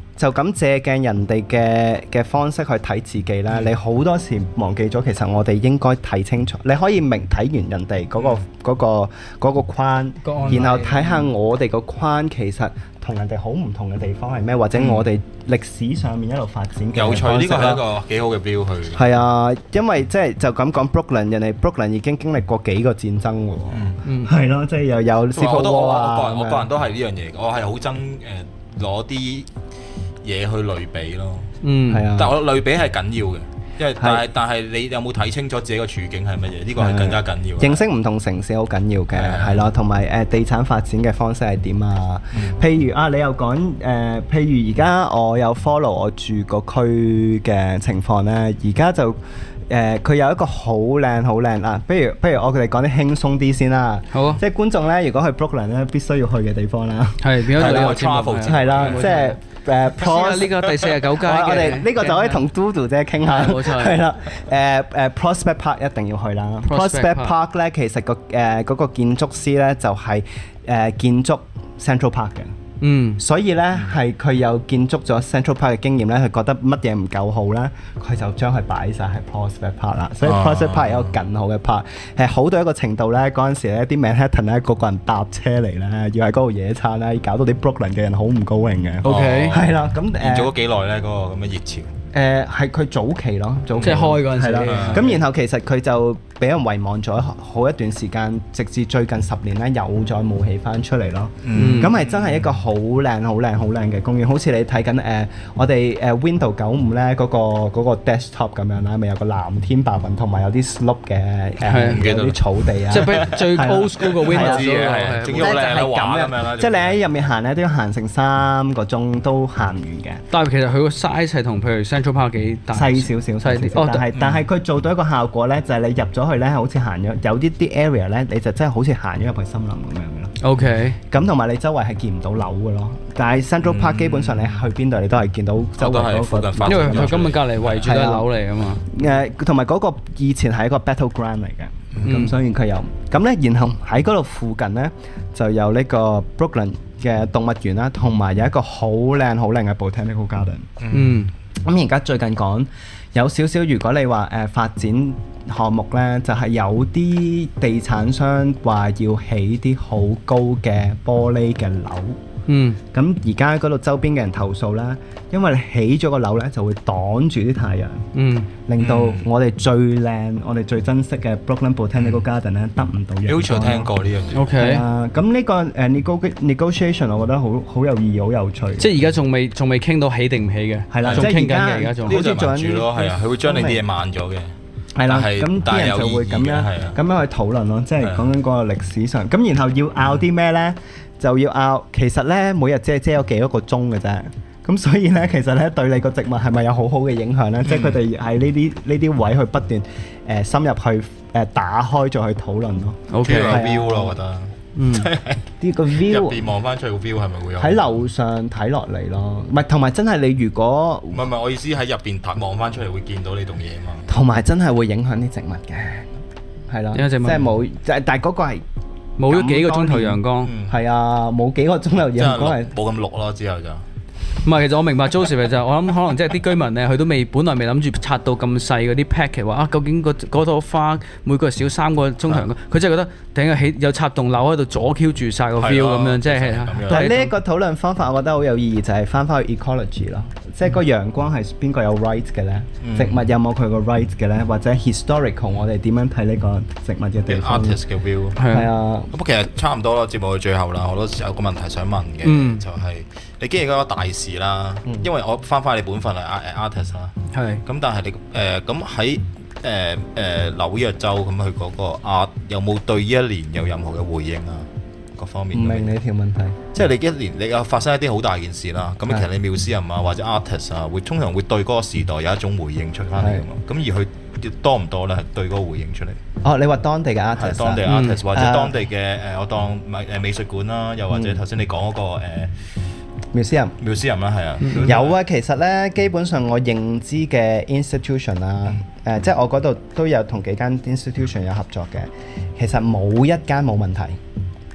就咁借鏡人哋嘅嘅方式去睇自己啦，你好多時忘記咗，其實我哋應該睇清楚。你可以明睇完人哋嗰個嗰個嗰個框，然後睇下我哋個框其實同人哋好唔同嘅地方係咩？或者我哋歷史上面一路發展嘅有趣，呢個係一個幾好嘅標去。係啊，因為即係就咁講，Brooklyn 人哋 Brooklyn 已經經歷過幾個戰爭喎。嗯，係咯，即係又有。我覺得我個人我個人都係呢樣嘢，我係好憎誒攞啲。嘢去類比咯，嗯，係啊，但我類比係緊要嘅，因為但係但係你有冇睇清楚自己嘅處境係乜嘢？呢個係更加緊要。認識唔同城市好緊要嘅，係啦，同埋誒地產發展嘅方式係點啊？譬如啊，你又講誒，譬如而家我有 follow 我住個區嘅情況咧，而家就誒佢有一個好靚好靚啦。不如不如我佢哋講啲輕鬆啲先啦，好啊，即係觀眾咧，如果去 Brooklyn 咧，必須要去嘅地方啦，係點樣？你啦，即係。誒，pros 呢個第四十九街嘅，我哋呢個就可以同 Dodo 姐傾下。冇錯係啦，誒誒 Prospect Park 一定要去啦，Prospect Park 咧，其實個誒嗰個建築師咧就係誒建築 Central Park 嘅。嗯，所呢呢呢，所以咧係佢又建築咗 Central Park 嘅經驗咧，佢覺得乜嘢唔夠好啦，佢就將佢擺晒喺 Prospect Park 啦。所以 Prospect Park 有一個更好嘅 park，係好到一個程度咧。嗰陣時咧，啲 Manhattan 咧個個人搭車嚟咧，要喺嗰度野餐咧，搞到啲 Brooklyn 嘅人好唔高興嘅。OK，係啦，咁延做咗幾耐咧？嗰、哦嗯，嗰個咁嘅熱潮。誒係佢早期咯，早期即係開嗰陣時啲。咁然後其實佢就俾人遺忘咗好一段時間，直至最近十年咧有再冒起翻出嚟咯。咁係真係一個好靚、好靚、好靚嘅公園，好似你睇緊誒我哋誒 Window 九五咧嗰個嗰個 desktop 咁樣啦，咪有個藍天白雲同埋有啲 slope 嘅誒啲草地啊。即係最 old school 嘅 Window 都係，即係你喺入面行咧都要行成三個鐘都行唔完嘅。但係其實佢個 size 同譬如幾細少少， 細少少，但係但係佢做到一個效果咧，就係、是、你入咗去咧，好似行咗有啲啲 area 咧，你就真係好似行咗入去森林咁樣嘅咯。OK，咁同埋你周圍係見唔到樓嘅咯。但係 Central Park、嗯、基本上你去邊度你都係見到周圍、那個、都係因為佢根本隔離圍住都係樓嚟啊嘛。誒，同埋嗰個以前係一個 battle ground 嚟嘅，咁所以佢有。咁咧，然後喺嗰度附近咧就有呢個 Brooklyn 嘅動物園啦，同埋有一個好靚好靚嘅 Botanical Garden。嗯。嗯。咁而家最近講有少少，如果你話誒、呃、發展項目咧，就係、是、有啲地產商話要起啲好高嘅玻璃嘅樓。嗯，咁而家嗰度周邊嘅人投訴啦，因為起咗個樓咧就會擋住啲太陽，嗯，令到我哋最靚、我哋最珍惜嘅 Brooklyn Botanical Garden 咧得唔到陽光。Usher 聽過呢樣嘢。O K。係咁呢個誒 negotiation，我覺得好好有意義、好有趣。即係而家仲未仲未傾到起定唔起嘅。係啦，即係而家呢啲民主咯，係啊，佢會將你啲嘢慢咗嘅。係啦，咁，啲人就會咁樣咁樣去討論咯，即係講緊嗰個歷史上。咁然後要拗啲咩咧？就要拗，其實咧每日即係即係有幾多個鐘嘅啫，咁所以咧其實咧對你個植物係咪有好好嘅影響咧？即係佢哋係呢啲呢啲位去不斷誒深入去誒打開再去討論咯。OK，個 view 咯，我覺得，嗯，呢個 view 入邊望翻出個 view 係咪會有？喺樓上睇落嚟咯，唔係同埋真係你如果唔係唔係，我意思喺入邊望翻出嚟會見到呢棟嘢啊嘛。同埋真係會影響啲植物嘅，係咯，即係冇，就係但係嗰個係。冇咗幾個鐘頭陽光，係、嗯、啊，冇幾個鐘頭陽光係冇咁綠咯。之後就唔係，其實我明白 Joseph 就是、我諗，可能即係啲居民咧，佢 都未本來未諗住拆到咁細嗰啲 package 話啊，究竟個嗰朵花每個少三個鐘頭，佢真係覺得頂起有插棟樓喺度阻 Q 住晒個 feel 咁的樣，即、就、係、是。但係呢一個討論方法，我覺得好有意義，就係、是、翻返去 ecology 咯。即係個陽光係邊個有 right 嘅咧？嗯、植物有冇佢個 right 嘅咧？或者 historical 我哋點樣睇呢個植物嘅 t h artist 嘅 view 係是啊。咁是、啊、其實差唔多啦，節目到最後啦，我都有個問題想問嘅，嗯、就係你經歷嗰個大事啦，因為我翻返你本份嚟啊，artist 啦。係。咁是的 但係你誒咁喺誒誒紐約州咁去嗰個 art，有冇對呢一年有任何嘅回應啊？各方面，唔明你條問題，即係你一年你有發生一啲好大件事啦，咁其實你 museum 啊或者 artist 啊，會通常會對嗰個時代有一種回應出返嚟咁而佢多唔多咧？對嗰個回應出嚟？哦，你話當地嘅 artist，當地 artist 或者當地嘅誒，我當美誒美術館啦，又或者頭先你講嗰個 museum，museum 啦，係啊，有啊。其實咧，基本上我認知嘅 institution 啊，誒，即係我嗰度都有同幾間 institution 有合作嘅，其實冇一間冇問題。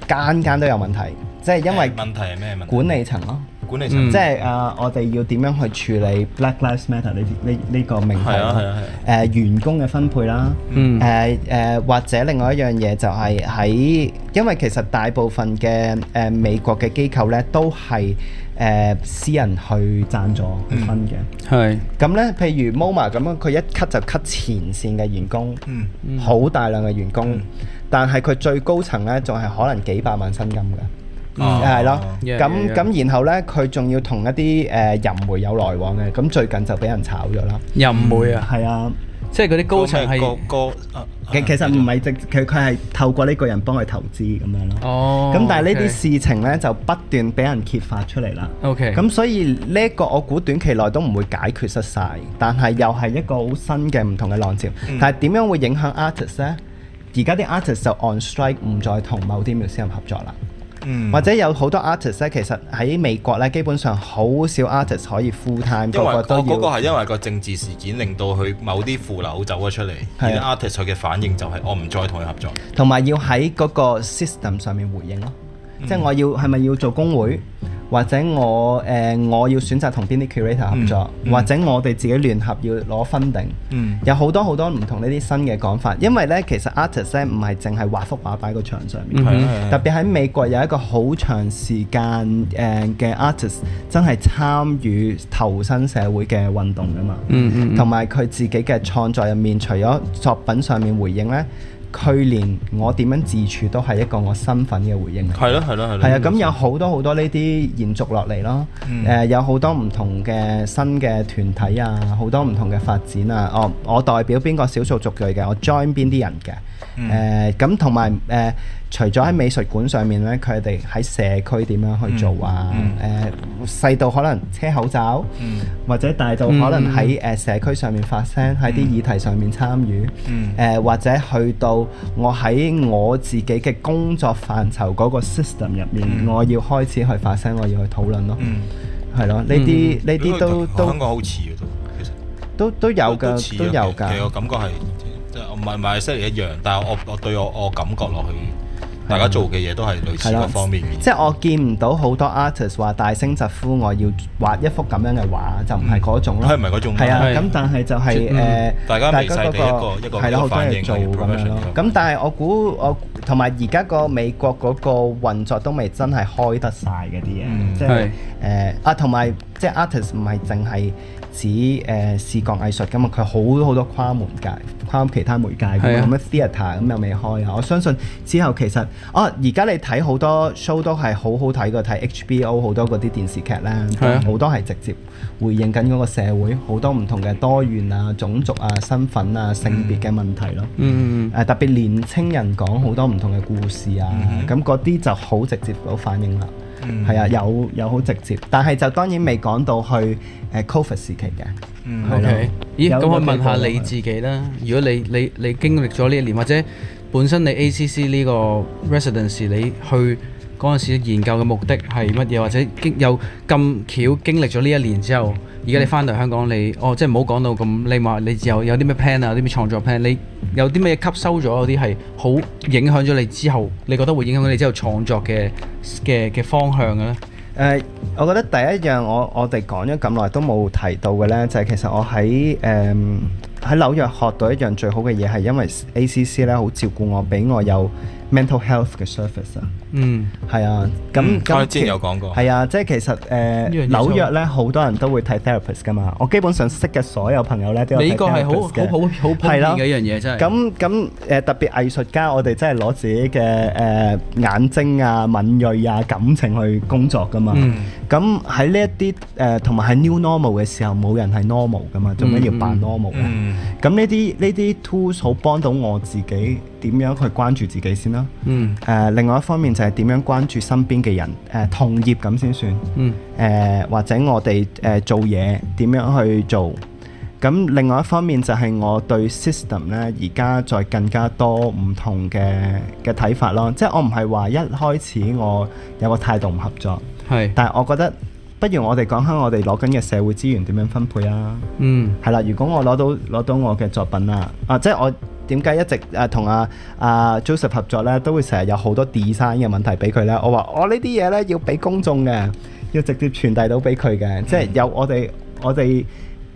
間間都有問題，即係因為問題係咩問題？管理層咯，管理層，即係誒、呃，我哋要點樣去處理 Black Lives Matter 呢呢呢個問題？啊係啊係。誒員工嘅分配啦，誒誒、呃呃呃、或者另外一樣嘢就係喺，因為其實大部分嘅誒、呃、美國嘅機構咧都係誒、呃、私人去贊助分嘅。係、嗯。咁咧，譬如 MOMA 咁樣，佢一 cut 就 cut 前線嘅員工，嗯，好、嗯、大量嘅員工。嗯但係佢最高層咧，仲係可能幾百萬薪金嘅，係咯。咁咁然後咧，佢仲要同一啲誒淫媒有來往嘅。咁最近就俾人炒咗啦。淫媒啊，係啊，即係嗰啲高層個個。其其實唔係直佢佢係透過呢個人幫佢投資咁樣咯。哦。咁但係呢啲事情咧就不斷俾人揭發出嚟啦。O K。咁所以呢一個我估短期內都唔會解決得曬，但係又係一個好新嘅唔同嘅浪潮。但係點樣會影響 artist 咧？而家啲 artist 就 on strike，唔再同某啲 museum 合作啦。嗯，或者有好多 artist 咧，其實喺美國咧，基本上好少 artist 可以 full time。因為我嗰個係因為,個,因為個政治事件令到佢某啲副流走咗出嚟，的而 artist 佢嘅反應就係我唔再同佢合作，同埋要喺嗰個 system 上面回應咯。即係我要係咪要做工會，或者我誒、呃、我要選擇同邊啲 curator 合作，嗯嗯、或者我哋自己聯合要攞 funding，有好多好多唔同呢啲新嘅講法。因為呢其實 artist 呢唔係淨係畫幅畫擺個牆上面，嗯、特別喺美國有一個好長時間誒嘅 artist 真係參與投身社會嘅運動㗎嘛，同埋佢自己嘅創作入面，除咗作品上面回應呢。去年我點樣自處都係一個我身份嘅回應。係咯，係咯，係。係啊，咁有好多好多呢啲延續落嚟咯。誒、嗯呃，有好多唔同嘅新嘅團體啊，好多唔同嘅發展啊。我、哦、我代表邊個少數族裔嘅？我 join 邊啲人嘅？誒咁同埋誒，除咗喺美術館上面咧，佢哋喺社區點樣去做啊？誒細到可能車口罩，或者大到可能喺誒社區上面發聲，喺啲議題上面參與。誒或者去到我喺我自己嘅工作範疇嗰個 system 入面，我要開始去發聲，我要去討論咯。係咯，呢啲呢啲都都感覺好似都都都有㗎，都有㗎。其我感覺係。唔係唔係，雖然一樣，但係我我對我我感覺落去，大家做嘅嘢都係類似嗰方面嘅。即係我見唔到好多 artist 話大聲疾呼，我要畫一幅咁樣嘅畫，就唔係嗰種咯。佢唔係嗰種。係啊，咁但係就係誒，大家未曬一個一個反應咁樣咯。咁但係我估我同埋而家個美國嗰個運作都未真係開得晒嗰啲嘢。嗯，係誒啊，同埋即係 artist 唔係淨係。指誒、呃、視覺藝術嘅嘛，佢好多好多跨媒介、跨其他媒介嘅咁嘅 theatre 咁又未開啊！我相信之後其實啊，而家你睇好多 show 都係好好睇嘅，睇 HBO 好多嗰啲電視劇咧，好是、啊嗯、多係直接回應緊嗰個社會好多唔同嘅多元啊、種族啊、身份啊、性別嘅問題咯。誒、嗯嗯嗯嗯、特別年青人講好多唔同嘅故事啊，咁嗰啲就好直接好反映啦。係 啊，有有好直接，但係就當然未講到去 COVID 時期嘅。嗯 ，OK，咦，咁我問下你自己啦。 如果你你你經歷咗呢一年，或者本身你 A C C 呢個 residence，你去嗰陣時研究嘅目的係乜嘢？或者有咁巧經歷咗呢一年之後。而家你翻到嚟香港，你哦，即係唔好講到咁。你話你有有啲咩 plan 啊？有啲咩創作 plan？你有啲咩吸收咗嗰啲係好影響咗你之後，你覺得會影響到你之後創作嘅嘅嘅方向嘅咧？誒，我覺得第一樣我我哋講咗咁耐都冇提到嘅咧，就係其實我喺誒喺紐約學到一樣最好嘅嘢，係因為 ACC 咧好照顧我，俾我有。mental health 嘅 service 啊，嗯，係啊，咁，我之前有講過，係啊，即係其實誒紐約咧好多人都會睇 therapist 噶嘛，我基本上識嘅所有朋友咧，你呢個係好好好普遍嘅一樣嘢真係。咁咁誒特別藝術家，我哋真係攞自己嘅誒眼睛啊敏鋭啊感情去工作噶嘛，咁喺呢一啲誒同埋喺 new normal 嘅時候冇人係 normal 噶嘛，點解要扮 normal 嘅？咁呢啲呢啲 tools 好幫到我自己。點樣去關注自己先啦？嗯。誒，另外一方面就係點樣關注身邊嘅人，誒、呃、同業咁先算。嗯。誒，或者我哋誒、呃、做嘢點樣去做？咁另外一方面就係我對 system 咧，而家再更加多唔同嘅嘅睇法咯。即係我唔係話一開始我有個態度唔合作。係。Mm. 但係我覺得，不如我哋講下我哋攞緊嘅社會資源點樣分配啊？嗯。係啦，如果我攞到攞到我嘅作品啦、啊，啊，即係我。點解一直誒同阿阿 Joseph 合作咧，都會成日有好多 design 嘅問題俾佢咧？我話我呢啲嘢咧要俾公眾嘅，要直接傳遞到俾佢嘅，嗯、即係有我哋我哋誒、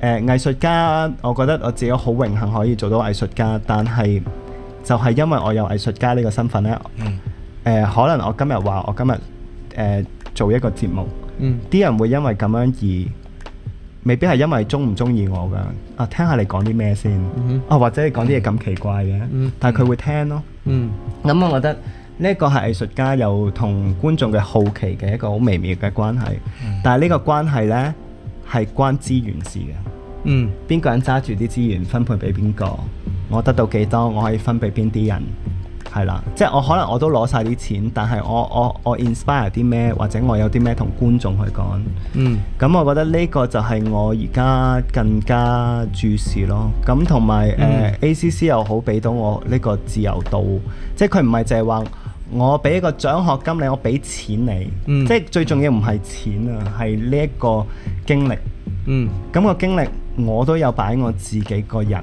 呃、藝術家，我覺得我自己好榮幸可以做到藝術家，但係就係因為我有藝術家呢個身份咧，誒、呃、可能我今日話我今日誒、呃、做一個節目，啲、嗯、人會因為咁樣而。未必係因為鍾唔鍾意我噶，啊聽下你講啲咩先，mm hmm. 啊或者你講啲嘢咁奇怪嘅，mm hmm. 但係佢會聽咯。Mm hmm. 嗯，咁、嗯嗯、我覺得呢個係藝術家又同觀眾嘅好奇嘅一個好微妙嘅關係。Mm hmm. 但係呢個關係呢，係關資源事嘅。嗯、mm，邊、hmm. 個人揸住啲資源分配俾邊個，mm hmm. 我得到幾多，我可以分俾邊啲人。係啦，即係我可能我都攞晒啲錢，但係我我我 inspire 啲咩，或者我有啲咩同觀眾去講。嗯，咁我覺得呢個就係我而家更加注視咯。咁同埋誒 ACC 又好，俾到我呢個自由度，即係佢唔係淨係話我俾一個獎學金你，我俾錢你。嗯，即係最重要唔係錢啊，係呢一個經歷。嗯，咁個經歷我都有擺我自己個人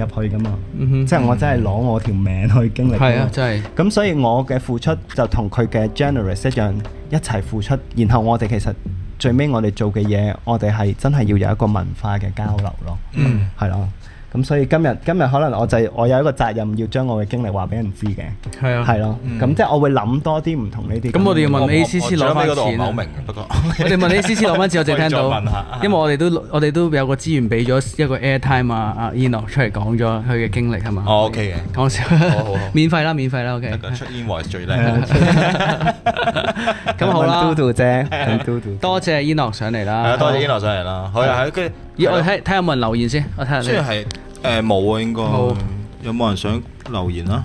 入去㗎嘛，嗯、哼即係我真係攞我條命去經歷，係啊，真係，咁所以我嘅付出就同佢嘅 generous 一樣，一齊付出。然後我哋其實最尾我哋做嘅嘢，我哋係真係要有一個文化嘅交流咯，係咯、嗯。咁所以今日今日可能我就我有一個責任要將我嘅經歷話俾人知嘅，係啊，係咯，咁即係我會諗多啲唔同呢啲。咁我哋要問 ACC 攞翻錢我好明嘅，不過你問 ACC 攞翻錢，我就聽到。因為我哋都我哋都有個資源俾咗一個 airtime 啊，阿 Enoch 出嚟講咗佢嘅經歷係嘛？哦，OK 嘅，講笑，好好免費啦，免費啦，OK。出煙華係最叻，咁好啦。嘟姐。多謝 Enoch 上嚟啦，多謝 Enoch 上嚟啦，好啊，我睇睇有冇人留言先，我睇下。雖然係誒冇啊，應該好有冇人想留言啊？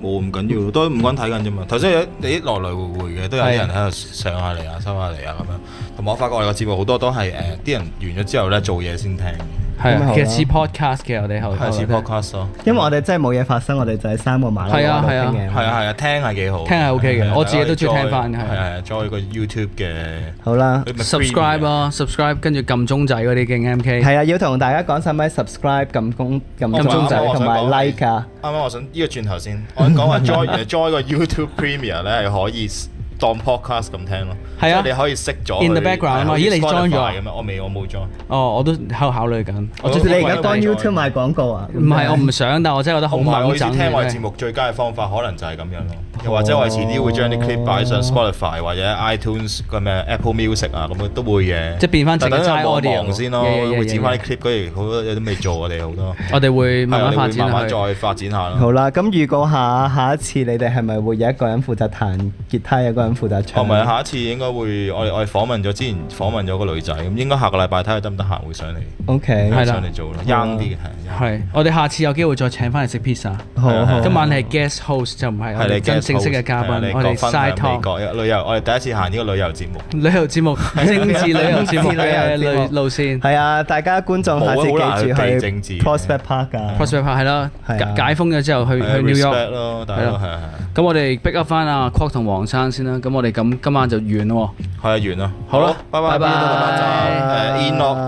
冇，唔緊要，都五個人睇緊啫嘛。頭先你一來來回回嘅，都有啲人喺度上下嚟啊，收下嚟啊咁樣。同埋我發覺我哋個節目好多都係誒啲人完咗之後咧做嘢先聽。係啊，其實似 podcast 嘅我哋後，係似 podcast 咯。因為我哋真係冇嘢發生，我哋就係三個馬拉多聽嘅。係啊係啊，係啊係啊，聽係幾好，聽係 OK 嘅。我自己都中意聽翻嘅。係係，join 個 YouTube 嘅。好啦，subscribe 咯，subscribe，跟住撳鐘仔嗰啲勁 MK。係啊，要同大家講曬咪？subscribe 撳鐘，撳鐘仔同埋 like 啊。啱啱我想呢個轉頭先，我講下 join join 個 YouTube Premier 咧係可以。當 podcast 咁聽咯，係啊，你可以熄咗。In the background 咦，你裝咗咁我未，我冇裝。哦，我都喺度考慮緊。我最近而家當 YouTube 賣廣告啊。唔係，我唔想，但我真係覺得好唔夠準。我意思聽我節目最佳嘅方法可能就係咁樣咯。又或者我哋遲啲會將啲 clip 擺上 Spotify 或者 iTunes 個咩 Apple Music 啊，咁都會嘅。即係變翻直播網先咯，會剪翻啲 clip 好多有啲未做，我哋好多。我哋會慢慢發展。慢慢再發展下咯。好啦，咁如果下下一次你哋係咪會有一個人負責彈結他，有個人？哦，唔係，下一次應該會我哋我哋訪問咗之前訪問咗個女仔，咁應該下個禮拜睇下得唔得閒會上嚟，OK，係啦，上嚟做咯 young 啲嘅係。我哋下次有機會再請翻嚟食 pizza。今晚你係 guest host 就唔係我哋真正式嘅嘉賓，我哋 side talk 旅遊，我哋第一次行呢個旅遊節目。旅遊節目，政治旅遊節目旅遊嘅路線。係啊，大家觀眾下次記住去。地政治。Prospect Park 係啦，解封咗之後去去 New York。咯咁我哋 back up 翻阿 Court 同黃生先啦。咁我哋咁今晚就完咯，係、嗯、啊，完啦、啊，好啦，拜拜拜拜，Enoch。